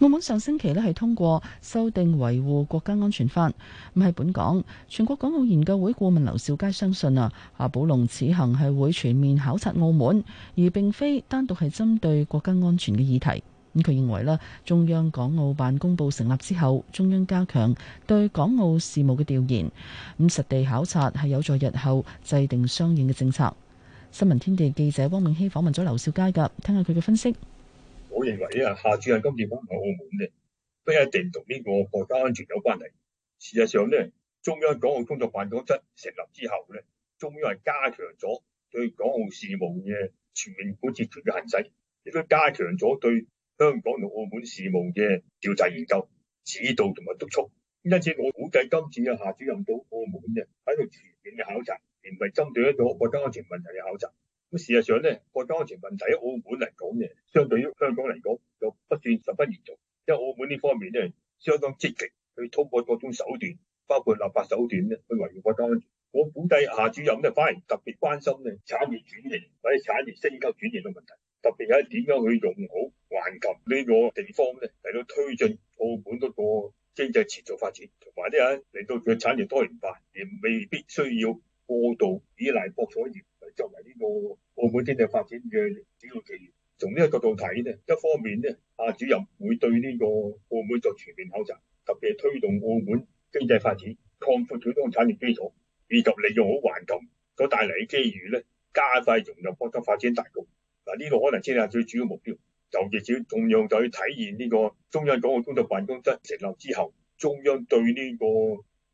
澳門上星期咧係通過修訂維護國家安全法，唔係本港。全國港澳研究會顧問劉兆佳相信啊，夏寶龍此行係會全面考察澳門，而並非單獨係針對國家安全嘅議題。咁佢認為咧，中央港澳辦公布成立之後，中央加強對港澳事務嘅調研，咁實地考察係有助日後制定相應嘅政策。新聞天地記者汪永熙訪問咗劉少佳噶，聽下佢嘅分析。我認為啊，下次係今年講唔係澳門咧，不一定同呢個國家安全有關係。事實上呢，中央港澳工作辦公室成立之後呢，中央係加強咗對港澳事務嘅全面管治權嘅行使，亦都加強咗對香港同澳門事務嘅調查研究、指導同埋督促，因此我估計今次嘅夏主任到澳門嘅喺度全面嘅考察，而唔係針對一個國家安全問題嘅考察。咁事實上咧，國家安全問題喺澳門嚟講咧，相對於香港嚟講就不算十分嚴重，因為澳門呢方面咧，相當積極去通過各種手段，包括立法手段咧去維護國家安全。我估計夏主任咧，反而特別關心咧，產業轉型或者產業升級轉型嘅問題。特別係點樣去用好橫琴呢個地方咧，嚟到推進澳門呢個經濟持續發展，同埋呢，人嚟到佢產業多元化，而未必需要過度依賴博彩業作為呢個澳門經濟發展嘅主要企業。從呢個角度睇呢，一方面呢，阿主任會對呢個澳門作全面考察，特別係推動澳門經濟發展，擴闊佢多種產業基礎，以及利用好橫琴所帶嚟嘅機遇咧，加快融入國家發展大呢個可能先係最主要目標，是重要就亦只同樣就去體現呢個中央港澳工作辦公室成立之後，中央對呢個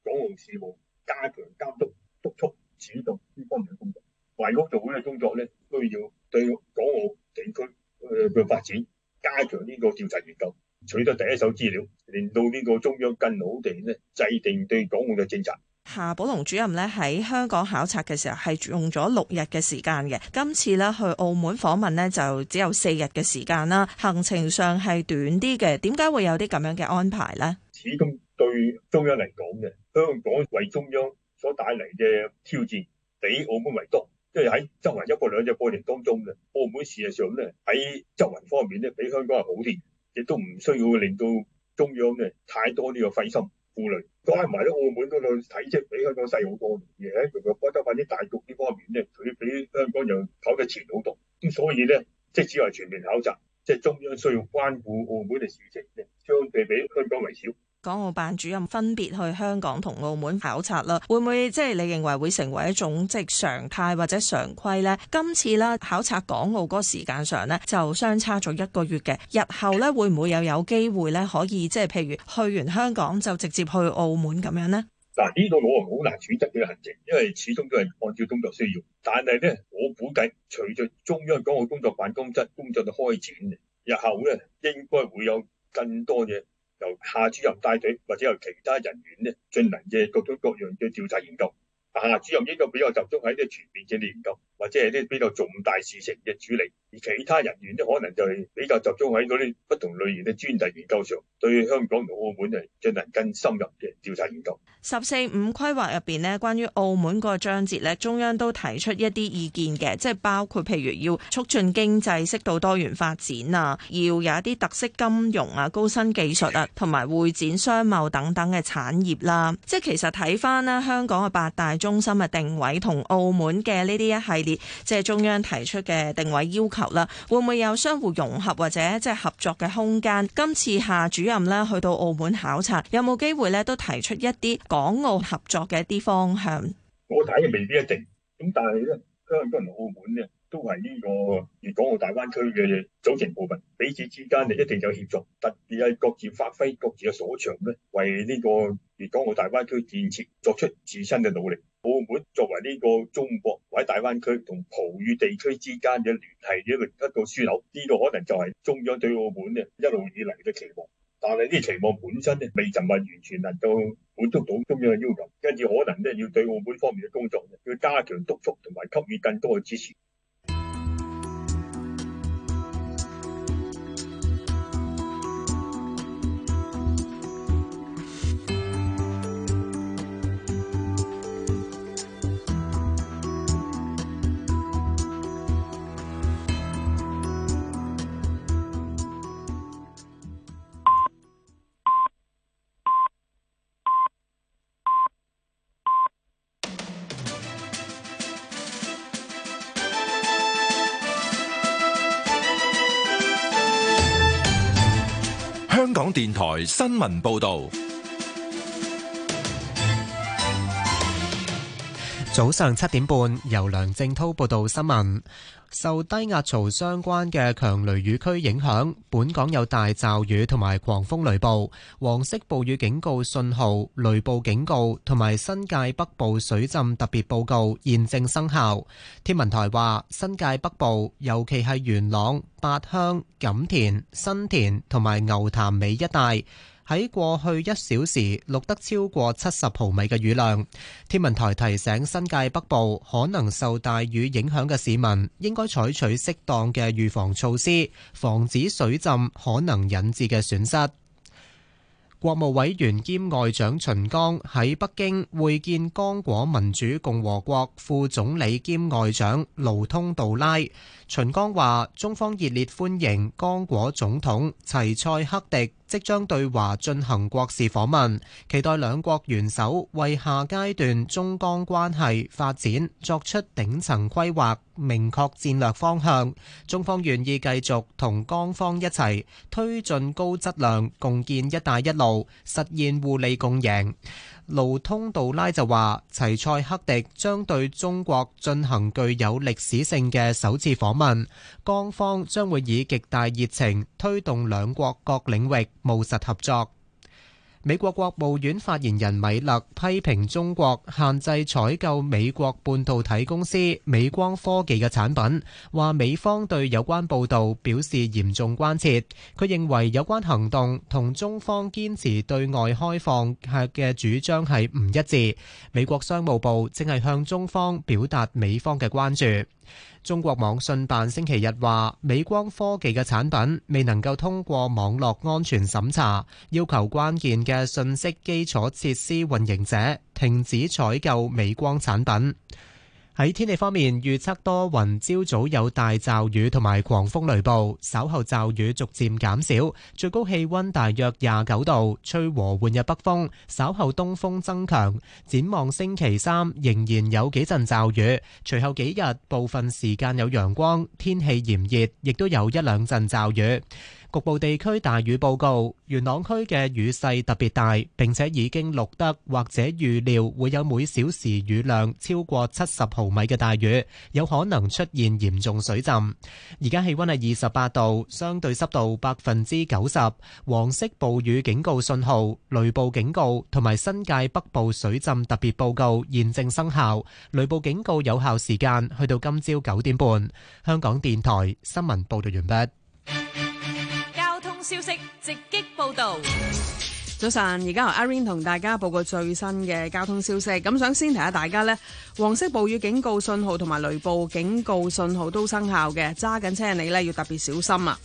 港澳事務加強監督、督促、指導呢方面嘅工作。為咗做呢個工作咧，都要對港澳地區嘅發展加強呢個調查研究，取得第一手資料，令到呢個中央更好地咧制定對港澳嘅政策。夏寶龍主任咧喺香港考察嘅時候係用咗六日嘅時間嘅，今次咧去澳門訪問咧就只有四日嘅時間啦。行程上係短啲嘅，點解會有啲咁樣嘅安排咧？始終對中央嚟講嘅，香港為中央所帶嚟嘅挑戰比澳門為多，即係喺周圍一國兩制過程當中嘅澳門事實上咧喺周圍方面咧比香港係好啲，亦都唔需要令到中央咧太多呢個費心。顧慮，加埋咧，澳門嗰度體積比香港細好多，嘢喺弱國爭翻啲大局呢方面咧，佢比香港又跑得前好多，咁所以咧，即係只係全面考察，即係中央需要關顧澳門嘅事情咧，相對比香港為少。港澳辦主任分別去香港同澳門考察啦，會唔會即係、就是、你認為會成為一種即、就是、常態或者常規呢？今次咧考察港澳嗰個時間上咧就相差咗一個月嘅，日後咧會唔會又有機會咧可以即係譬如去完香港就直接去澳門咁樣呢？嗱、啊，呢度我係好難選擇嘅行程，因為始終都係按照工作需要。但係咧，我估計隨著中央港澳工作辦公室工作嘅開展，日後咧應該會有更多嘅。由夏主任帶隊，或者由其他人員咧進行嘅各種各樣嘅調查研究。夏主任應該比較集中喺呢個全面嘅研究。或者係啲比較重大事情嘅處理，而其他人員咧可能就係比較集中喺嗰啲不同類型嘅專題研究上，對香港同澳門誒進行更深入嘅調查研究。十四五規劃入邊呢，關於澳門個章節咧，中央都提出一啲意見嘅，即係包括譬如要促進經濟適度多元發展啊，要有一啲特色金融啊、高新技術啊、同埋會展商貿等等嘅產業啦。即係其實睇翻咧香港嘅八大中心嘅定位同澳門嘅呢啲一係。即係中央提出嘅定位要求啦，會唔會有相互融合或者即係合作嘅空間？今次夏主任咧去到澳門考察，有冇機會咧都提出一啲港澳合作嘅一啲方向？我睇未必一定咁，但係咧，香港同澳門咧都係呢個粵港澳大灣區嘅組成部分，彼此之間咧一定有協作，特別係各自發揮各自嘅所長咧，為呢個粵港澳大灣區建設作出自身嘅努力。澳門作為呢個中國或者大灣區同葡語地區之間嘅聯繫嘅一個一個樞紐，呢個可能就係中央對澳門嘅一路以嚟嘅期望。但係呢期望本身咧，未曾話完全能夠滿足到中央嘅要求，跟住可能咧要對澳門方面嘅工作呢要加強督促同埋給予更多嘅支持。電台新聞報道。早上七點半，由梁正濤報道新聞。受低壓槽相關嘅強雷雨區影響，本港有大驟雨同埋狂風雷暴，黃色暴雨警告信號、雷暴警告同埋新界北部水浸特別報告現正生效。天文台話，新界北部尤其係元朗、八鄉、錦田、新田同埋牛潭尾一帶。喺過去一小時錄得超過七十毫米嘅雨量。天文台提醒新界北部可能受大雨影響嘅市民，應該採取適當嘅預防措施，防止水浸可能引致嘅損失。國務委員兼外長秦剛喺北京會見剛果民主共和國副總理兼外長盧通杜拉。秦剛話，中方熱烈歡迎剛果總統齊塞克迪即將對華進行國事訪問，期待兩國元首為下階段中剛關係發展作出頂層規劃，明確戰略方向。中方願意繼續同剛方一齊推進高質量共建“一帶一路”，實現互利共贏。路通道拉就話齊塞克迪將對中國進行具有歷史性嘅首次訪問，剛方將會以極大熱情推動兩國各領域務實合作。美國國務院發言人米勒批評中國限制採購美國半導體公司美光科技嘅產品，話美方對有關報道表示嚴重關切。佢認為有關行動同中方堅持對外開放嘅主張係唔一致。美國商務部正係向中方表達美方嘅關注。中國網信辦星期日話，美光科技嘅產品未能夠通過網絡安全審查，要求關鍵嘅信息基礎設施運營者停止採購美光產品。喺天氣方面，預測多雲，朝早有大驟雨同埋狂風雷暴，稍後驟雨逐漸減少，最高氣溫大約廿九度，吹和緩嘅北風，稍後東風增強。展望星期三仍然有幾陣驟雨，隨後幾日部分時間有陽光，天氣炎熱，亦都有一兩陣驟雨。局部地區大雨報告，元朗區嘅雨勢特別大，並且已經錄得或者預料會有每小時雨量超過七十毫米嘅大雨，有可能出現嚴重水浸。而家氣温係二十八度，相對濕度百分之九十，黃色暴雨警告信號、雷暴警告同埋新界北部水浸特別報告現正生效。雷暴警告有效時間去到今朝九點半。香港電台新聞報道完畢。消息直擊報道。早晨，而家由阿 Rain 同大家報告最新嘅交通消息。咁想先提下大家呢，黃色暴雨警告信號同埋雷暴警告信號都生效嘅，揸緊車嘅你呢，要特別小心啊！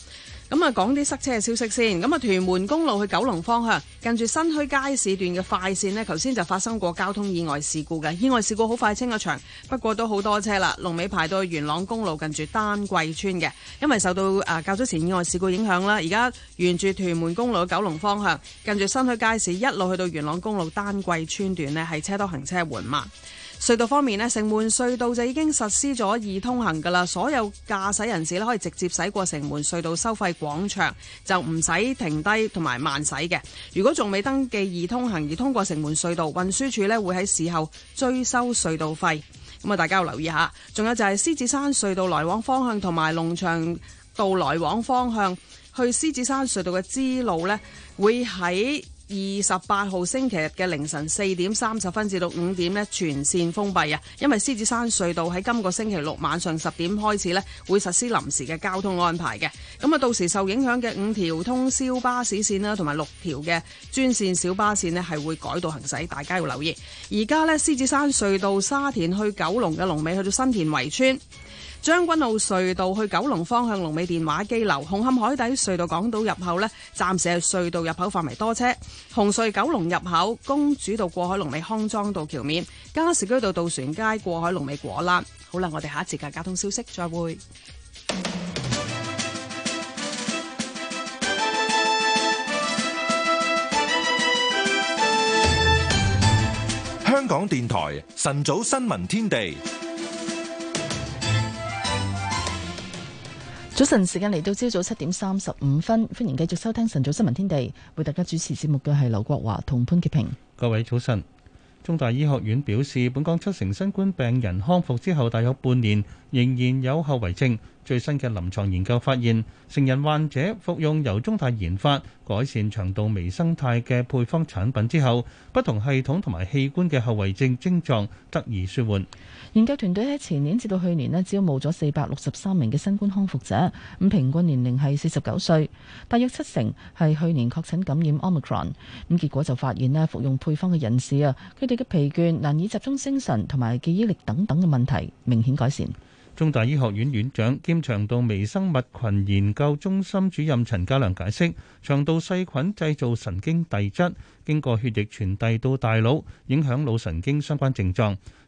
咁啊，講啲塞車嘅消息先。咁啊，屯門公路去九龍方向，近住新墟街市段嘅快線呢，頭先就發生過交通意外事故嘅。意外事故好快清咗場，不過都好多車啦，龍尾排到元朗公路近住丹桂村嘅。因為受到啊，較早前意外事故影響啦，而家沿住屯門公路嘅九龍方向，近住新墟街市一路去到元朗公路丹桂村段呢，係車多行車緩慢。隧道方面咧，城門隧道就已經實施咗易通行噶啦，所有駕駛人士咧可以直接駛過城門隧道收費廣場，就唔使停低同埋慢駛嘅。如果仲未登記易通行而通過城門隧道，運輸署咧會喺事後追收隧道費。咁啊，大家要留意下。仲有就係獅子山隧道來往方向同埋龍翔道來往方向去獅子山隧道嘅支路咧，會喺。二十八號星期日嘅凌晨四點三十分至到五點呢，全線封閉啊！因為獅子山隧道喺今個星期六晚上十點開始呢，會實施臨時嘅交通安排嘅。咁啊，到時受影響嘅五條通宵巴士線啦，同埋六條嘅專線小巴線呢，係會改道行駛，大家要留意。而家呢，獅子山隧道沙田去九龍嘅龍尾去到新田圍村。將軍澳隧道去九龍方向龍尾電話機樓，紅磡海底隧道港島入口咧，暫時係隧道入口範圍多車。紅隧九龍入口、公主道過海龍尾康莊道橋面、加士居道渡船街過海龍尾果欄。好啦，我哋下一節嘅交通消息，再會。香港電台晨早新聞天地。早晨，時間嚟到朝早七點三十五分，歡迎繼續收聽晨早新聞天地。為大家主持節目嘅係劉國華同潘潔平。各位早晨。中大醫學院表示，本港七成新冠病人康復之後，大約半年仍然有後遺症。最新嘅臨牀研究發現，成人患者服用由中大研發改善腸道微生態嘅配方產品之後，不同系統同埋器官嘅後遺症症狀得以舒緩。研究團隊喺前年至到去年呢招募咗四百六十三名嘅新冠康復者，咁平均年齡係四十九歲，大約七成係去年確診感染 Omicron。咁結果就發現咧，服用配方嘅人士啊，佢哋嘅疲倦、難以集中精神同埋記憶力等等嘅問題明顯改善。中大醫學院院長兼腸道微生物群研究中心主任陳家良解釋，腸道細菌製造神經遞質，經過血液傳遞到大腦，影響腦神經相關症狀。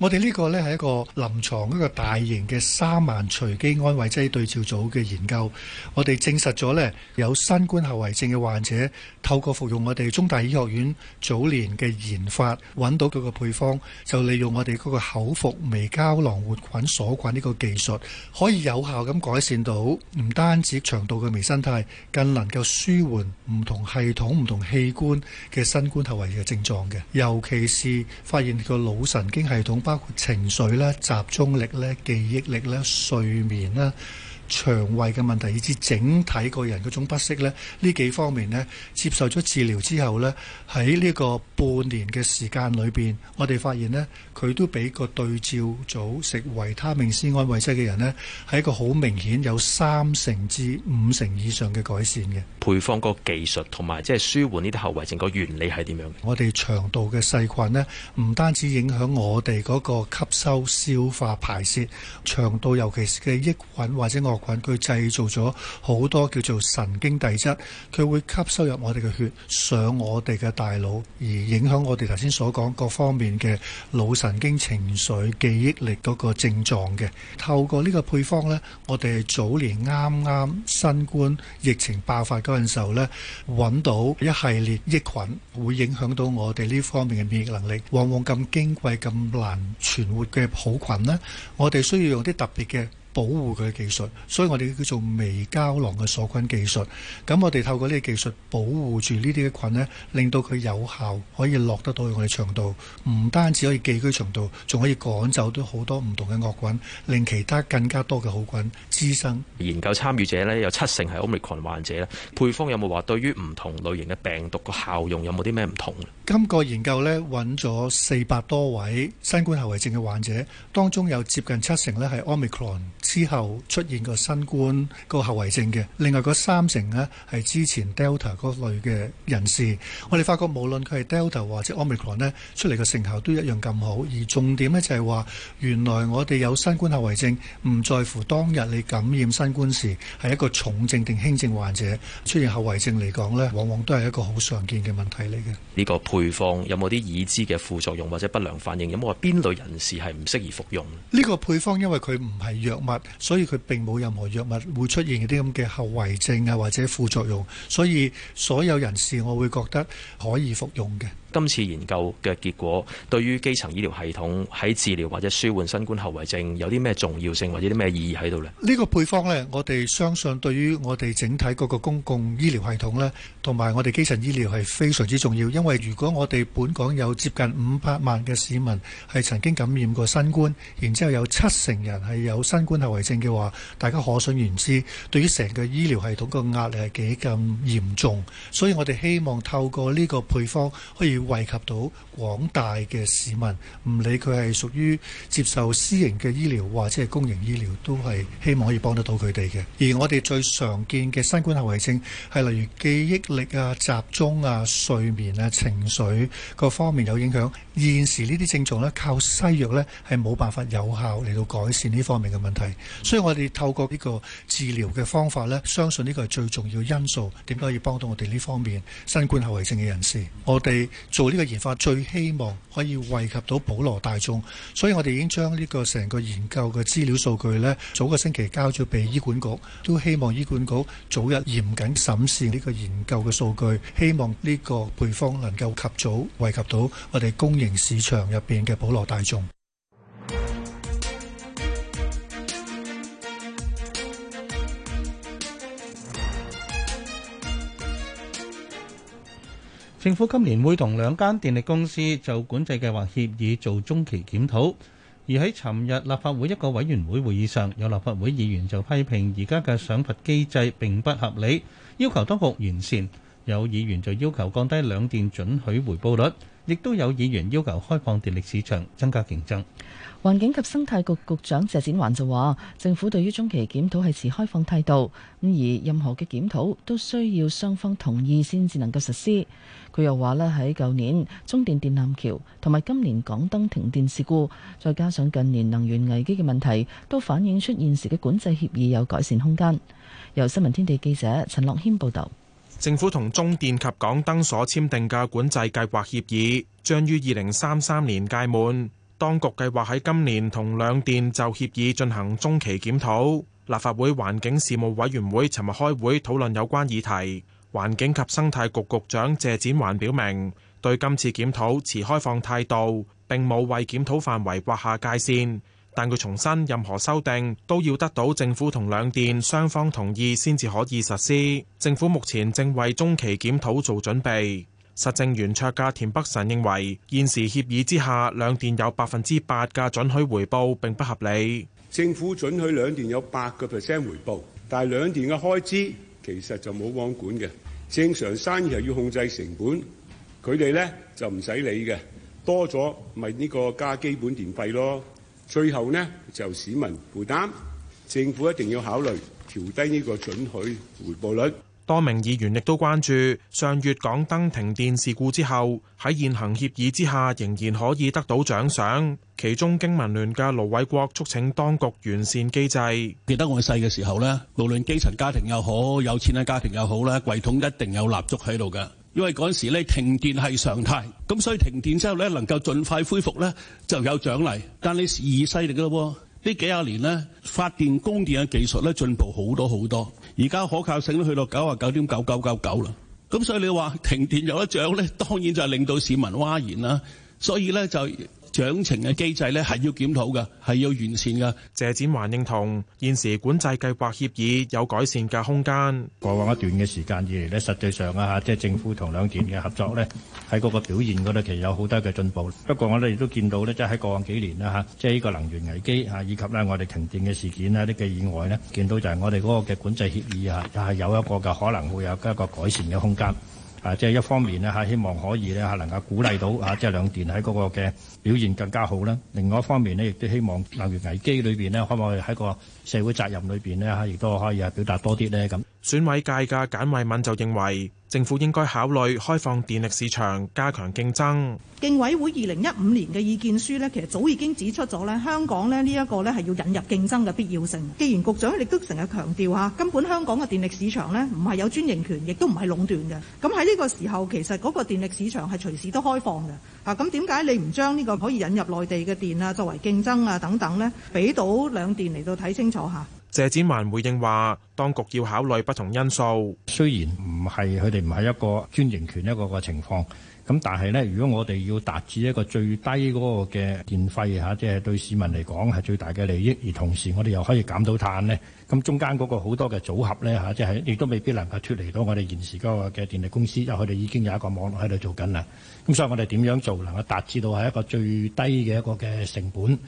我哋呢個呢係一個臨床一個大型嘅三萬隨機安慰劑對照組嘅研究，我哋證實咗呢有新冠後遺症嘅患者，透過服用我哋中大醫學院早年嘅研發揾到佢個配方，就利用我哋嗰個口服微膠囊活菌鎖菌呢個技術，可以有效咁改善到唔單止腸道嘅微生態，更能夠舒緩唔同系統、唔同器官嘅新冠後遺症嘅症狀嘅。尤其是發現個腦神經系統。包括情緒啦、集中力啦、記憶力啦、睡眠啦。腸胃嘅問題，以至整體個人嗰種不適呢。呢幾方面咧，接受咗治療之後呢，喺呢個半年嘅時間裏邊，我哋發現呢，佢都比個對照組食維他命 C 安慰劑嘅人呢，係一個好明顯有三成至五成以上嘅改善嘅。配方個技術同埋即係舒緩呢啲後遺症個原理係點樣？我哋腸道嘅細菌呢，唔單止影響我哋嗰個吸收、消化、排泄，腸道尤其是嘅益菌或者惡菌佢製造咗好多叫做神經遞質，佢會吸收入我哋嘅血，上我哋嘅大腦，而影響我哋頭先所講各方面嘅腦神經、情緒、記憶力嗰個症狀嘅。透過呢個配方咧，我哋早年啱啱新冠疫情爆發嗰陣時候咧，揾到一系列益菌，會影響到我哋呢方面嘅免疫能力。往往咁矜貴咁難存活嘅好菌咧，我哋需要用啲特別嘅。保護佢嘅技術，所以我哋叫做微膠囊嘅鎖菌技術。咁我哋透過呢個技術保護住呢啲嘅菌呢，令到佢有效可以落得到去我哋腸道，唔單止可以寄居腸道，仲可以趕走到好多唔同嘅惡菌，令其他更加多嘅好菌滋生。研究參與者呢，有七成係 Omicron 患者咧，配方有冇話對於唔同類型嘅病毒嘅效用有冇啲咩唔同？今個研究呢，揾咗四百多位新冠後遺症嘅患者，當中有接近七成呢係 Omicron。之後出現個新冠個後遺症嘅。另外嗰三成呢係之前 Delta 嗰類嘅人士，我哋發覺無論佢係 Delta 或者 Omicron 呢，出嚟嘅成效都一樣咁好，而重點呢，就係話原來我哋有新冠後遺症，唔在乎當日你感染新冠時係一個重症定輕症患者，出現後遺症嚟講呢，往往都係一個好常見嘅問題嚟嘅。呢個配方有冇啲已知嘅副作用或者不良反應？有冇話邊類人士係唔適宜服用？呢個配方因為佢唔係藥物。所以佢並冇任何藥物會出現啲咁嘅後遺症啊，或者副作用。所以所有人士，我會覺得可以服用嘅。今次研究嘅結果對於基層醫療系統喺治療或者舒緩新冠後遺症有啲咩重要性或者啲咩意義喺度咧？呢個配方咧，我哋相信對於我哋整體嗰個公共醫療系統咧，同埋我哋基層醫療係非常之重要。因為如果我哋本港有接近五百萬嘅市民係曾經感染過新冠，然之後有七成人係有新冠後遺症嘅話，大家可想而知對於成個醫療系統個壓力係幾咁嚴重。所以我哋希望透過呢個配方可以。惠及到廣大嘅市民，唔理佢係屬於接受私營嘅醫療，或者係公營醫療，都係希望可以幫得到佢哋嘅。而我哋最常見嘅新冠後遺症係例如記憶力啊、集中啊、睡眠啊、情緒各方面有影響。現時呢啲症狀咧，靠西藥咧係冇辦法有效嚟到改善呢方面嘅問題，所以我哋透過呢個治療嘅方法咧，相信呢個係最重要因素。點解可以幫到我哋呢方面新冠後遺症嘅人士？我哋做呢個研發最希望可以惠及到普羅大眾，所以我哋已經將呢個成個研究嘅資料數據咧，早個星期交咗俾醫管局，都希望醫管局早日嚴謹審視呢個研究嘅數據，希望呢個配方能夠及早惠及到我哋公營市場入便嘅普羅大眾，政府今年會同兩間電力公司就管制計劃協議做中期檢討，而喺尋日立法會一個委員會會議上，有立法會議員就批評而家嘅賞罰機制並不合理，要求當局完善。有議員就要求降低兩電准許回報率，亦都有議員要求開放電力市場，增加競爭。環境及生態局局局長謝展寰就話，政府對於中期檢討係持開放態度，咁而任何嘅檢討都需要雙方同意先至能夠實施。佢又話咧，喺舊年中電電纜橋同埋今年港燈停電事故，再加上近年能源危機嘅問題，都反映出現時嘅管制協議有改善空間。由新聞天地記者陳樂軒報導。政府同中電及港燈所簽訂嘅管制計劃協議將於二零三三年屆滿，當局計劃喺今年同兩電就協議進行中期檢討。立法會環境事務委員會尋日開會討論有關議題。環境及生態局局長謝展寰表明，對今次檢討持開放態度，並冇為檢討範圍劃下界線。但佢重申，任何修訂都要得到政府同兩電雙方同意先至可以實施。政府目前正為中期檢討做準備。實政圓桌嘅田北辰認為，現時協議之下，兩電有百分之八嘅準許回報並不合理。政府準許兩電有八個 percent 回報，但係兩電嘅開支其實就冇王管嘅。正常生意係要控制成本，佢哋咧就唔使理嘅，多咗咪呢個加基本電費咯。最後呢，就市民負擔，政府一定要考慮調低呢個準許回報率。多名議員亦都關注上月港燈停電事故之後，喺現行協議之下仍然可以得到獎賞。其中經民聯嘅盧偉國促請當局完善機制。記得我細嘅時候呢，無論基層家庭又好，有錢嘅家庭又好咧，櫃桶一定有蠟燭喺度㗎。因為嗰陣時咧停電係常態，咁所以停電之後咧能夠盡快恢復咧就有獎勵，但你係已時代咯喎，呢幾廿年咧發電供電嘅技術咧進步好多好多，而家可靠性都去到九啊九點九九九九啦，咁所以你話停電有得獎咧，當然就係令到市民嘩然啦，所以咧就。獎懲嘅機制咧，係要檢討嘅，係要完善嘅。謝展寰認同現時管制計劃協議有改善嘅空間。過往一段嘅時間以嚟呢，實際上啊吓，即係政府同兩電嘅合作咧，喺嗰個表現嗰度其實有好多嘅進步。不過我哋亦都見到咧，即係喺過往幾年啦吓，即係呢個能源危機吓，以及咧我哋停電嘅事件啦，呢個意外咧，見到就係我哋嗰個嘅管制協議啊，又係有一個嘅可能會有一個改善嘅空間。啊，即係一方面咧嚇，希望可以咧嚇能夠鼓勵到啊，即係兩電喺嗰個嘅表現更加好啦。另外一方面咧，亦都希望能源危機裏邊咧，可唔可以喺個社會責任裏邊咧嚇，亦都可以啊表達多啲呢？咁。選委界嘅簡慧敏就認為。政府應該考慮開放電力市場，加強競爭。競委會二零一五年嘅意見書咧，其實早已經指出咗咧，香港咧呢一個咧係要引入競爭嘅必要性。既然局長亦都成日強調嚇，根本香港嘅電力市場咧唔係有專營權，亦都唔係壟斷嘅。咁喺呢個時候，其實嗰個電力市場係隨時都開放嘅。嚇，咁點解你唔將呢個可以引入內地嘅電啊，作為競爭啊等等咧，俾到兩電嚟到睇清楚下？謝展寰回應話，當局要考慮不同因素。雖然唔係佢哋唔係一個專營權一個嘅情況，咁但係呢，如果我哋要達至一個最低嗰個嘅電費吓，即、啊、係、就是、對市民嚟講係最大嘅利益，而同時我哋又可以減到碳呢，咁中間嗰個好多嘅組合呢，吓、啊，即係亦都未必能夠脫離到我哋現時嗰個嘅電力公司，因為佢哋已經有一個網絡喺度做緊啦。咁所以我哋點樣做能夠達至到係一個最低嘅一個嘅成本？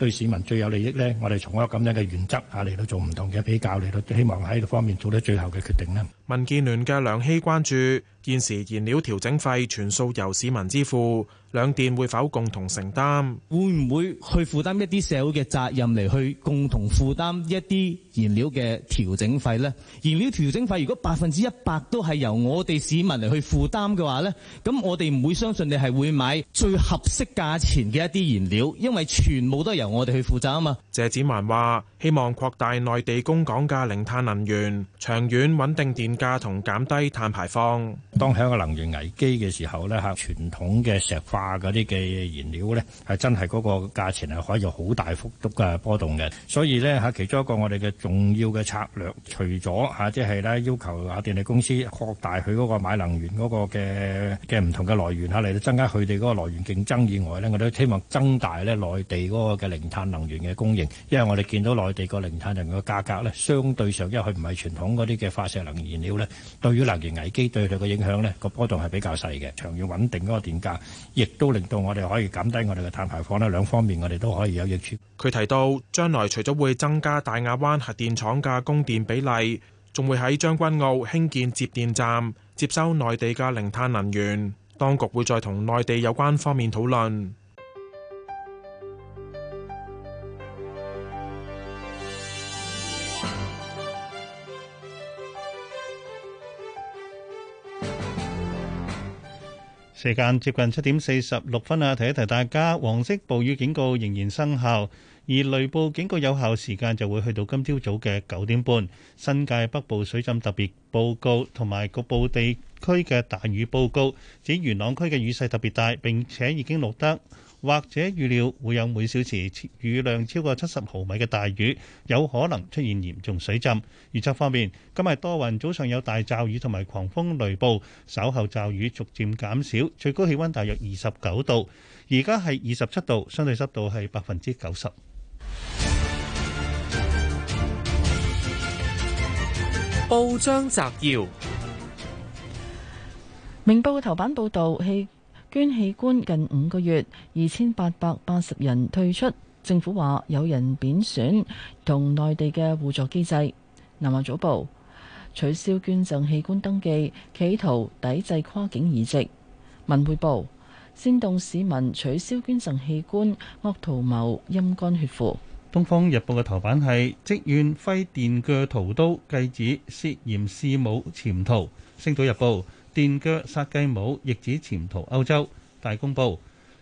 對市民最有利益呢，我哋從一個咁樣嘅原則下嚟到做唔同嘅比較嚟到，來希望喺呢方面做到最後嘅決定咧。民建聯嘅梁希關注，現時燃料調整費全數由市民支付，兩電會否共同承擔？會唔會去負擔一啲社會嘅責任嚟去共同負擔一啲燃料嘅調整費呢？燃料調整費如果百分之一百都係由我哋市民嚟去負擔嘅話呢？咁我哋唔會相信你係會買最合適價錢嘅一啲燃料，因為全部都係由我哋去負責啊嘛。謝展文話：希望擴大內地供港嘅零碳能源，長遠穩定電價同減低碳排放。當喺個能源危機嘅時候咧，吓傳統嘅石化嗰啲嘅燃料咧，係真係嗰個價錢係可以有好大幅度嘅波動嘅。所以咧吓，其中一個我哋嘅重要嘅策略，除咗吓即係咧要求啊電力公司擴大佢嗰個買能源嗰個嘅嘅唔同嘅來源吓，嚟到增加佢哋嗰個來源競爭以外咧，我都希望增大咧內地嗰個嘅零碳能源嘅供應，因為我哋見到內地個零碳能源嘅價格咧，相對上因為佢唔係傳統嗰啲嘅化石能源燃咧，對於能源危機對佢嘅影響咧，個波動係比較細嘅，長遠穩定嗰個電價，亦都令到我哋可以減低我哋嘅碳排放啦。兩方面我哋都可以有益處。佢提到，將來除咗會增加大亞灣核電廠嘅供電比例，仲會喺將軍澳興建接電站，接收內地嘅零碳能源。當局會再同內地有關方面討論。時間接近七點四十六分啊，提一提大家，黃色暴雨警告仍然生效，而雷暴警告有效時間就會去到今朝早嘅九點半。新界北部水浸特別報告同埋局部地區嘅大雨報告，指元朗區嘅雨勢特別大，並且已經錄得，或者預料會有每小時雨量超過七十毫米嘅大雨，有可能出現嚴重水浸。預測方面，今日多雲，早上有大驟雨同埋狂風雷暴，稍後驟雨逐漸減少，最高氣温大約二十九度，而家係二十七度，相對濕度係百分之九十。報章摘要，《明報》嘅頭版報導係。捐器官近五個月，二千八百八十人退出。政府話有人貶選同內地嘅互助機制。南華早報，取消捐贈器官登記企圖抵制跨境移植。文匯報，煽動市民取消捐贈器官，惡圖謀陰乾血庫。東方日報嘅頭版係職員揮電鋸屠刀，繼子涉嫌弒母潛逃。星島日報。電鋸殺，繼母逆子潛逃歐洲。大公報，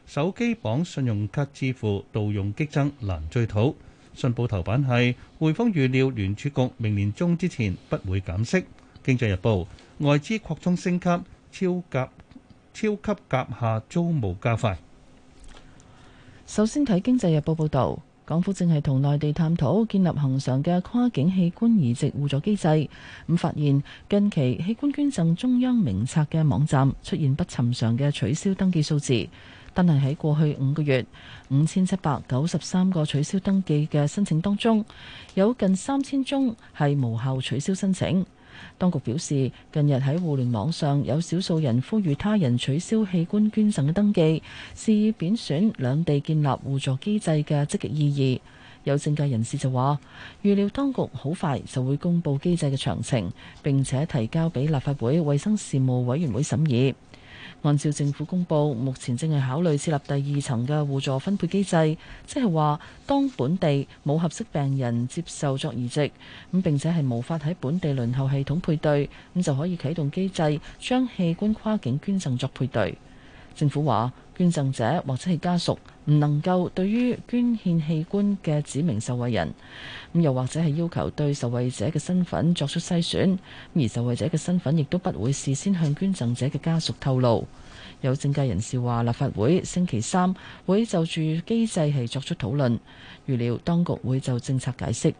手機綁信用卡支付盜用激增難追討。信報頭版係匯豐預料聯儲局明年中之前不會減息。經濟日報，外資擴充升級，超甲、超級甲廈租務加快。首先睇經濟日報報道。港府正係同內地探討建立恒常嘅跨境器官移植互助機制。咁發現近期器官捐贈中央名冊嘅網站出現不尋常嘅取消登記數字，但係喺過去五個月五千七百九十三個取消登記嘅申請當中，有近三千宗係無效取消申請。當局表示，近日喺互聯網上有少數人呼籲他人取消器官捐贈嘅登記，試意貶損兩地建立互助機制嘅積極意義。有政界人士就話，預料當局好快就會公布機制嘅詳情，並且提交俾立法會衛生事務委員會審議。按照政府公布，目前正係考慮設立第二層嘅互助分配機制，即係話當本地冇合適病人接受作移植，咁並且係無法喺本地輪候系統配對，咁就可以啟動機制，將器官跨境捐贈作配對，政府話。捐贈者或者係家屬唔能夠對於捐獻器官嘅指明受惠人，咁又或者係要求對受惠者嘅身份作出篩選，而受惠者嘅身份亦都不會事先向捐贈者嘅家屬透露。有政界人士話，立法會星期三會就住機制係作出討論，預料當局會就政策解釋。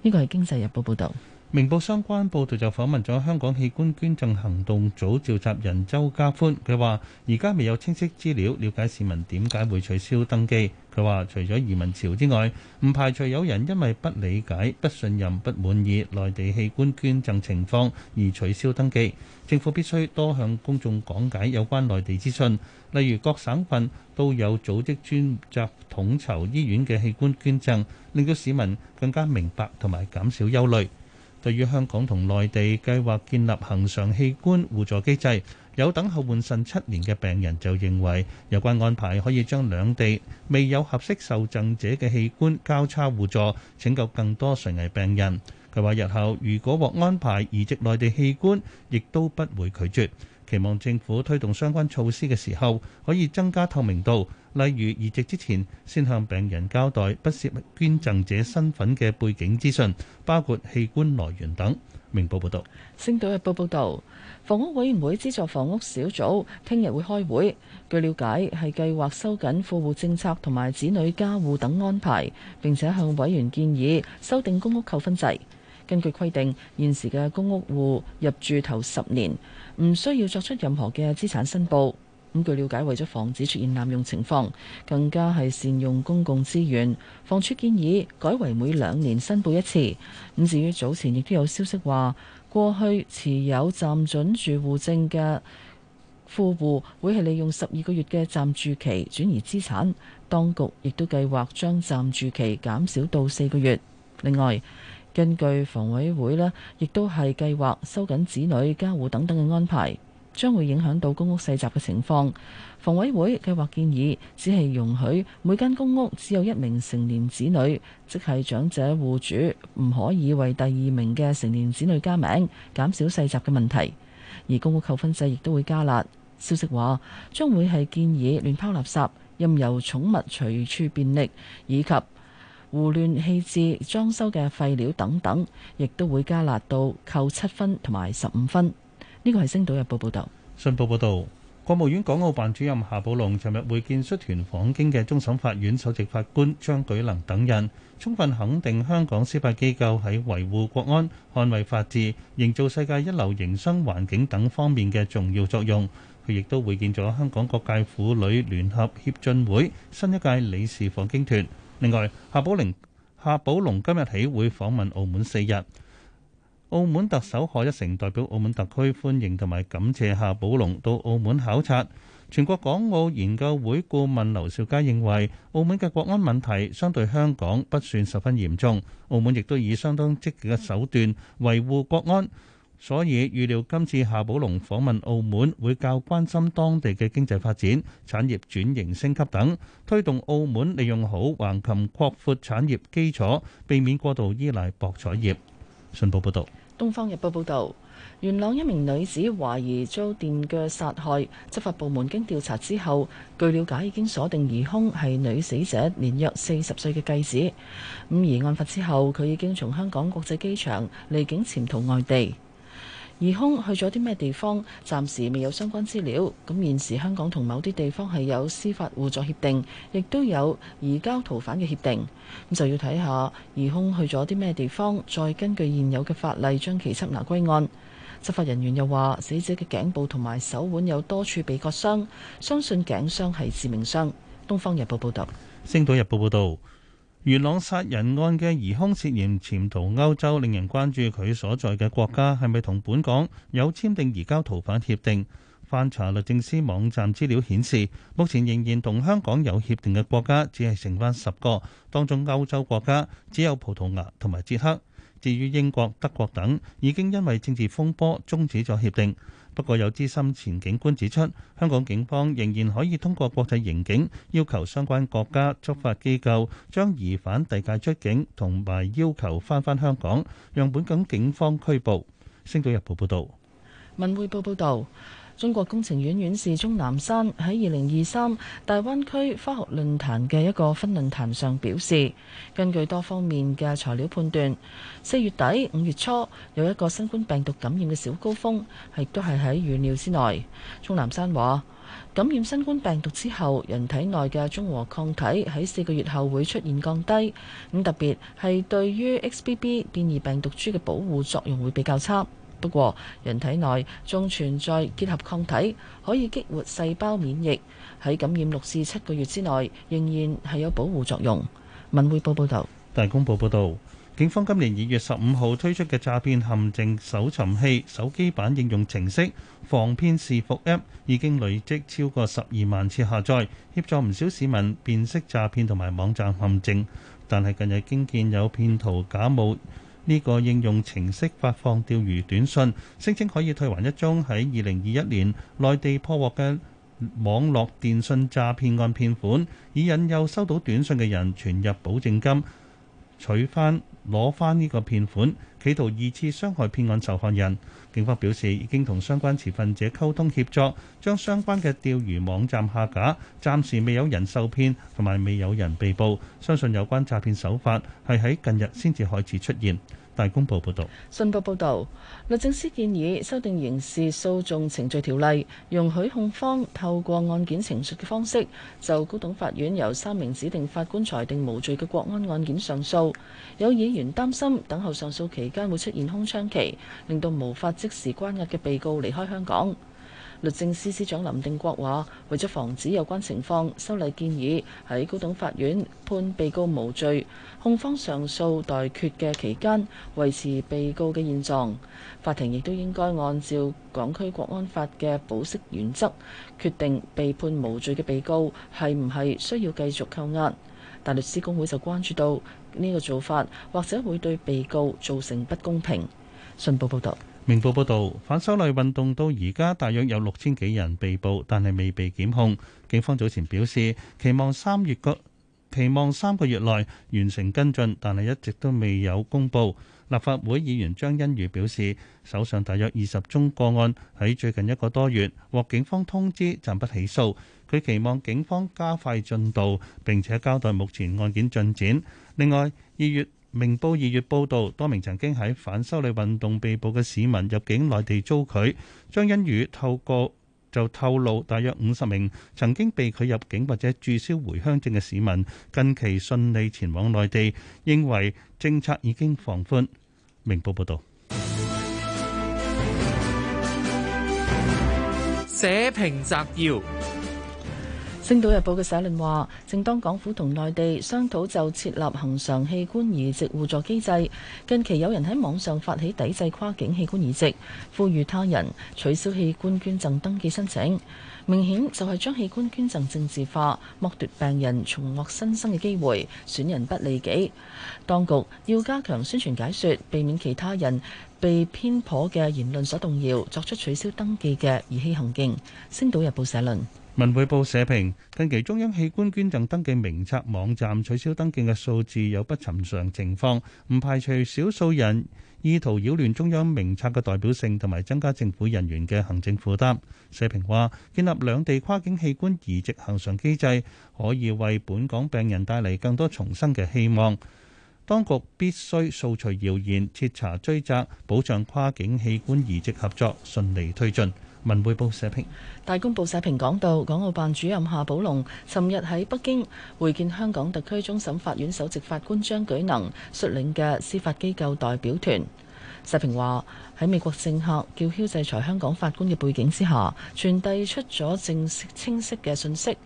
呢個係《經濟日報》報導。明報相關報導就訪問咗香港器官捐贈行動組召集人周家歡，佢話：而家未有清晰資料了解市民點解會取消登記。佢話，除咗移民潮之外，唔排除有人因為不理解、不信任、不滿意內地器官捐贈情況而取消登記。政府必須多向公眾講解有關內地資訊，例如各省份都有組織專責統籌醫院嘅器官捐贈，令到市民更加明白同埋減少憂慮。對於香港同內地計劃建立恆常器官互助機制，有等候換腎七年嘅病人就認為，有關安排可以將兩地未有合適受贈者嘅器官交叉互助，拯救更多垂危病人。佢話：日後如果獲安排移植內地器官，亦都不會拒絕。期望政府推動相關措施嘅時候，可以增加透明度，例如移植之前先向病人交代不涉密捐贈者身份嘅背景資訊，包括器官來源等。明報報導，《星島日報》報道，房屋委員會資助房屋小組聽日會開會，據了解係計劃收緊富戶政策同埋子女加戶等安排，並且向委員建議修訂公屋扣分制。根據規定，現時嘅公屋戶入住頭十年。唔需要作出任何嘅資產申報。咁據了解，為咗防止出現濫用情況，更加係善用公共資源，房署建議改為每兩年申報一次。咁至於早前亦都有消息話，過去持有暫准住戶證嘅富戶會係利用十二個月嘅暫住期轉移資產，當局亦都計劃將暫住期減少到四個月。另外，根據房委會呢亦都係計劃收緊子女加戶等等嘅安排，將會影響到公屋世襲嘅情況。房委會計劃建議只係容許每間公屋只有一名成年子女，即係長者戶主唔可以為第二名嘅成年子女加名，減少世襲嘅問題。而公屋扣分制亦都會加辣。消息話將會係建議亂拋垃圾、任由寵物隨處便溺，以及胡亂棄置裝修嘅廢料等等，亦都會加辣到扣七分同埋十五分。呢個係星島日報報導。信報報導，國務院港澳辦主任夏寶龍尋日會見率團訪京嘅終審法院首席法官張舉能等人，充分肯定香港司法機構喺維護國安、捍衛法治、營造世界一流營商環境等方面嘅重要作用。佢亦都會見咗香港各界婦女聯合協進會新一屆理事訪京團。另外，夏寶龍夏寶龍今日起會訪問澳門四日。澳門特首賀一誠代表澳門特區歡迎同埋感謝夏寶龍到澳門考察。全國港澳研究會顧問劉兆佳認為，澳門嘅國安問題相對香港不算十分嚴重，澳門亦都以相當積極嘅手段維護國安。所以預料今次夏寶龍訪問澳門會較關心當地嘅經濟發展、產業轉型升級等，推動澳門利用好橫琴，擴闊產業基礎，避免過度依賴博彩業。信報報道，東方日報報道，元朗一名女子懷疑遭電鋸殺害，執法部門經調查之後，據了解已經鎖定疑凶係女死者年約四十歲嘅繼子。咁而案發之後，佢已經從香港國際機場離境潛逃外地。疑凶去咗啲咩地方？暫時未有相關資料。咁現時香港同某啲地方係有司法互助協定，亦都有移交逃犯嘅協定。咁就要睇下疑凶去咗啲咩地方，再根據現有嘅法例將其緝拿歸案。執法人員又話，死者嘅頸部同埋手腕有多處被割傷，相信頸傷係致命傷。《東方日報》報道，《星島日報》報道。元朗殺人案嘅疑兇涉嫌潛逃歐洲，令人關注佢所在嘅國家係咪同本港有簽訂移交逃犯協定。翻查律政司網站資料顯示，目前仍然同香港有協定嘅國家只係剩返十個，當中歐洲國家只有葡萄牙同埋捷克。至於英國、德國等已經因為政治風波終止咗協定。不過，有資深前警官指出，香港警方仍然可以通過國際刑警要求相關國家執法機構將疑犯遞解出境，同埋要求翻返香港，讓本港警方拘捕。星島日報報道。文匯報報道。中國工程院院士鍾南山喺二零二三大灣區科學論壇嘅一個分論壇上表示，根據多方面嘅材料判斷，四月底五月初有一個新冠病毒感染嘅小高峰，亦都係喺預料之內。鍾南山話，感染新冠病毒之後，人體內嘅中和抗體喺四個月後會出現降低，咁特別係對於 XBB 變異病毒株嘅保護作用會比較差。不過，人體內仲存在結合抗體，可以激活細胞免疫，喺感染六至七個月之內，仍然係有保護作用。文匯報報道。大公報報道，警方今年二月十五號推出嘅詐騙陷阱搜尋器手機版應用程式防騙視伏 App 已經累積超過十二萬次下載，協助唔少市民辨識詐騙同埋網站陷阱。但係近日經見有騙徒假冒，呢個應用程式發放釣魚短信，聲稱可以退還一宗喺二零二一年內地破獲嘅網絡電信詐騙案騙款，以引誘收到短信嘅人存入保證金。取翻攞翻呢個騙款，企圖二次傷害騙案受害人。警方表示已經同相關持份者溝通協作，將相關嘅釣魚網站下架。暫時未有人受騙同埋未有人被捕，相信有關詐騙手法係喺近日先至開始出現。大公報報道，信報報道，律政司建議修訂刑事訴訟程序條例，容許控方透過案件程序嘅方式，就高等法院由三名指定法官裁定無罪嘅國安案件上訴。有議員擔心，等候上訴期間會出現空窗期，令到無法即時關押嘅被告離開香港。律政司司長林定國話：為咗防止有關情況，修例建議喺高等法院判被告無罪，控方上訴待決嘅期間維持被告嘅現狀。法庭亦都應該按照《港區國安法》嘅保釋原則，決定被判無罪嘅被告係唔係需要繼續扣押。大律師公會就關注到呢個做法或者會對被告造成不公平。信報報道。明報報導，反修例運動到而家，大約有六千幾人被捕，但係未被檢控。警方早前表示，期望三月個，期望三個月內完成跟進，但係一直都未有公布。立法會議員張欣如表示，手上大約二十宗個案喺最近一個多月獲警方通知，暫不起訴，佢期望警方加快進度並且交代目前案件進展。另外，二月。明報二月報道，多名曾經喺反修例運動被捕嘅市民入境內地遭拒。張欣宇透過就透露，大約五十名曾經被拒入境或者註銷回鄉證嘅市民，近期順利前往內地，認為政策已經放寬。明報報導。社評摘要。《星島日報》嘅社論話，正當港府同內地商討就設立恆常器官移植互助機制，近期有人喺網上發起抵制跨境器官移植，呼籲他人取消器官捐贈登記申請，明顯就係將器官捐贈政治化，剝奪病人重獲新生嘅機會，損人不利己。當局要加強宣傳解說，避免其他人被偏頗嘅言論所動搖，作出取消登記嘅移棄行徑。《星島日報》社論。文匯報社評：近期中央器官捐贈登記名冊網站取消登記嘅數字有不尋常情況，唔排除少數人意圖擾亂中央名冊嘅代表性，同埋增加政府人員嘅行政負擔。社評話，建立兩地跨境器官移植恒常機制，可以為本港病人帶嚟更多重生嘅希望。當局必須掃除謠言，徹查追責，保障跨境器官移植合作順利推進。文匯報社評，大公報社評講到，港澳辦主任夏寶龍尋日喺北京會見香港特區終審法院首席法官張舉能率領嘅司法機構代表團。社評話，喺美國政客叫囂制裁香港法官嘅背景之下，傳遞出咗正式清晰嘅信息：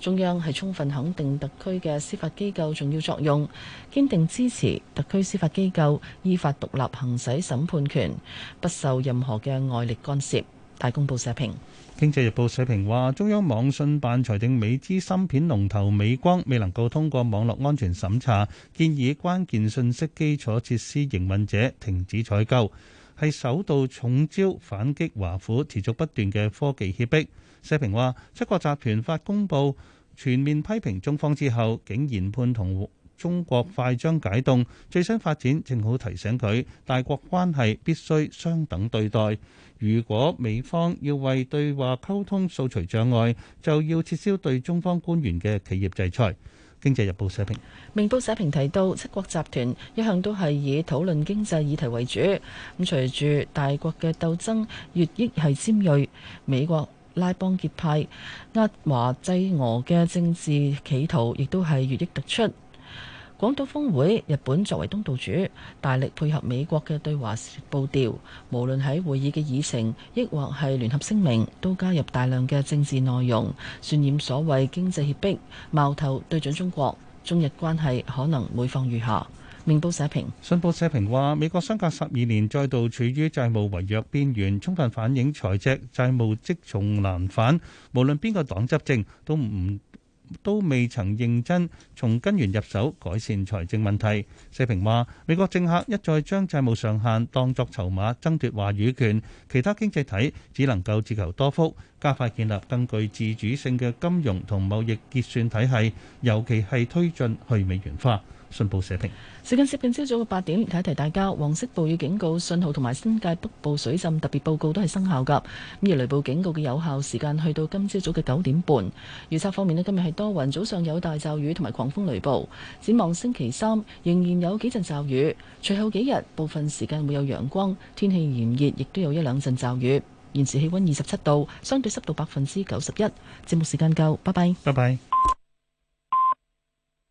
中央係充分肯定特區嘅司法機構重要作用，堅定支持特區司法機構依法獨立行使審判權，不受任何嘅外力干涉。大公報社評，《經濟日報》社評話：中央網信辦裁定美資芯片龍頭美光未能夠通過網絡安全審查，建議關鍵信息基礎設施營運者停止採購，係首度重招反擊華府持續不斷嘅科技脅迫。社評話：七國集團發公報全面批評中方之後，竟研判同中國快將解凍，最新發展正好提醒佢，大國關係必須相等對待。如果美方要為對話溝通掃除障礙，就要撤銷對中方官員嘅企業制裁。經濟日報社評，明報社評提到，七國集團一向都係以討論經濟議題為主。咁隨住大國嘅鬥爭越益係尖銳，美國拉幫結派，壓華制俄嘅政治企圖亦都係越益突出。港島峰會，日本作為東道主，大力配合美國嘅對華步調，無論喺會議嘅議程，抑或係聯合聲明，都加入大量嘅政治內容，渲染所謂經濟脅迫、矛頭對準中國，中日關係可能每況愈下。明報社評，信報社評話，美國相隔十二年再度處於債務違約邊緣，充分反映財政債務積重難返，無論邊個黨執政都唔。都未曾認真從根源入手改善財政問題。社評話：美國政客一再將債務上限當作籌碼爭奪話語權，其他經濟體只能夠自求多福，加快建立更具自主性嘅金融同貿易結算體系，尤其係推進去美元化。信報社評，時間接近朝早嘅八點，提提大家黃色暴雨警告信號同埋新界北部水浸特別報告都係生效㗎。咁而雷暴警告嘅有效時間去到今朝早嘅九點半。預測方面咧，今日係多雲，早上有大驟雨同埋狂風雷暴。展望星期三仍然有幾陣驟雨，隨後幾日部分時間會有陽光，天氣炎熱，亦都有一兩陣驟雨。現時氣温二十七度，相對濕度百分之九十一。節目時間夠，拜拜。拜拜。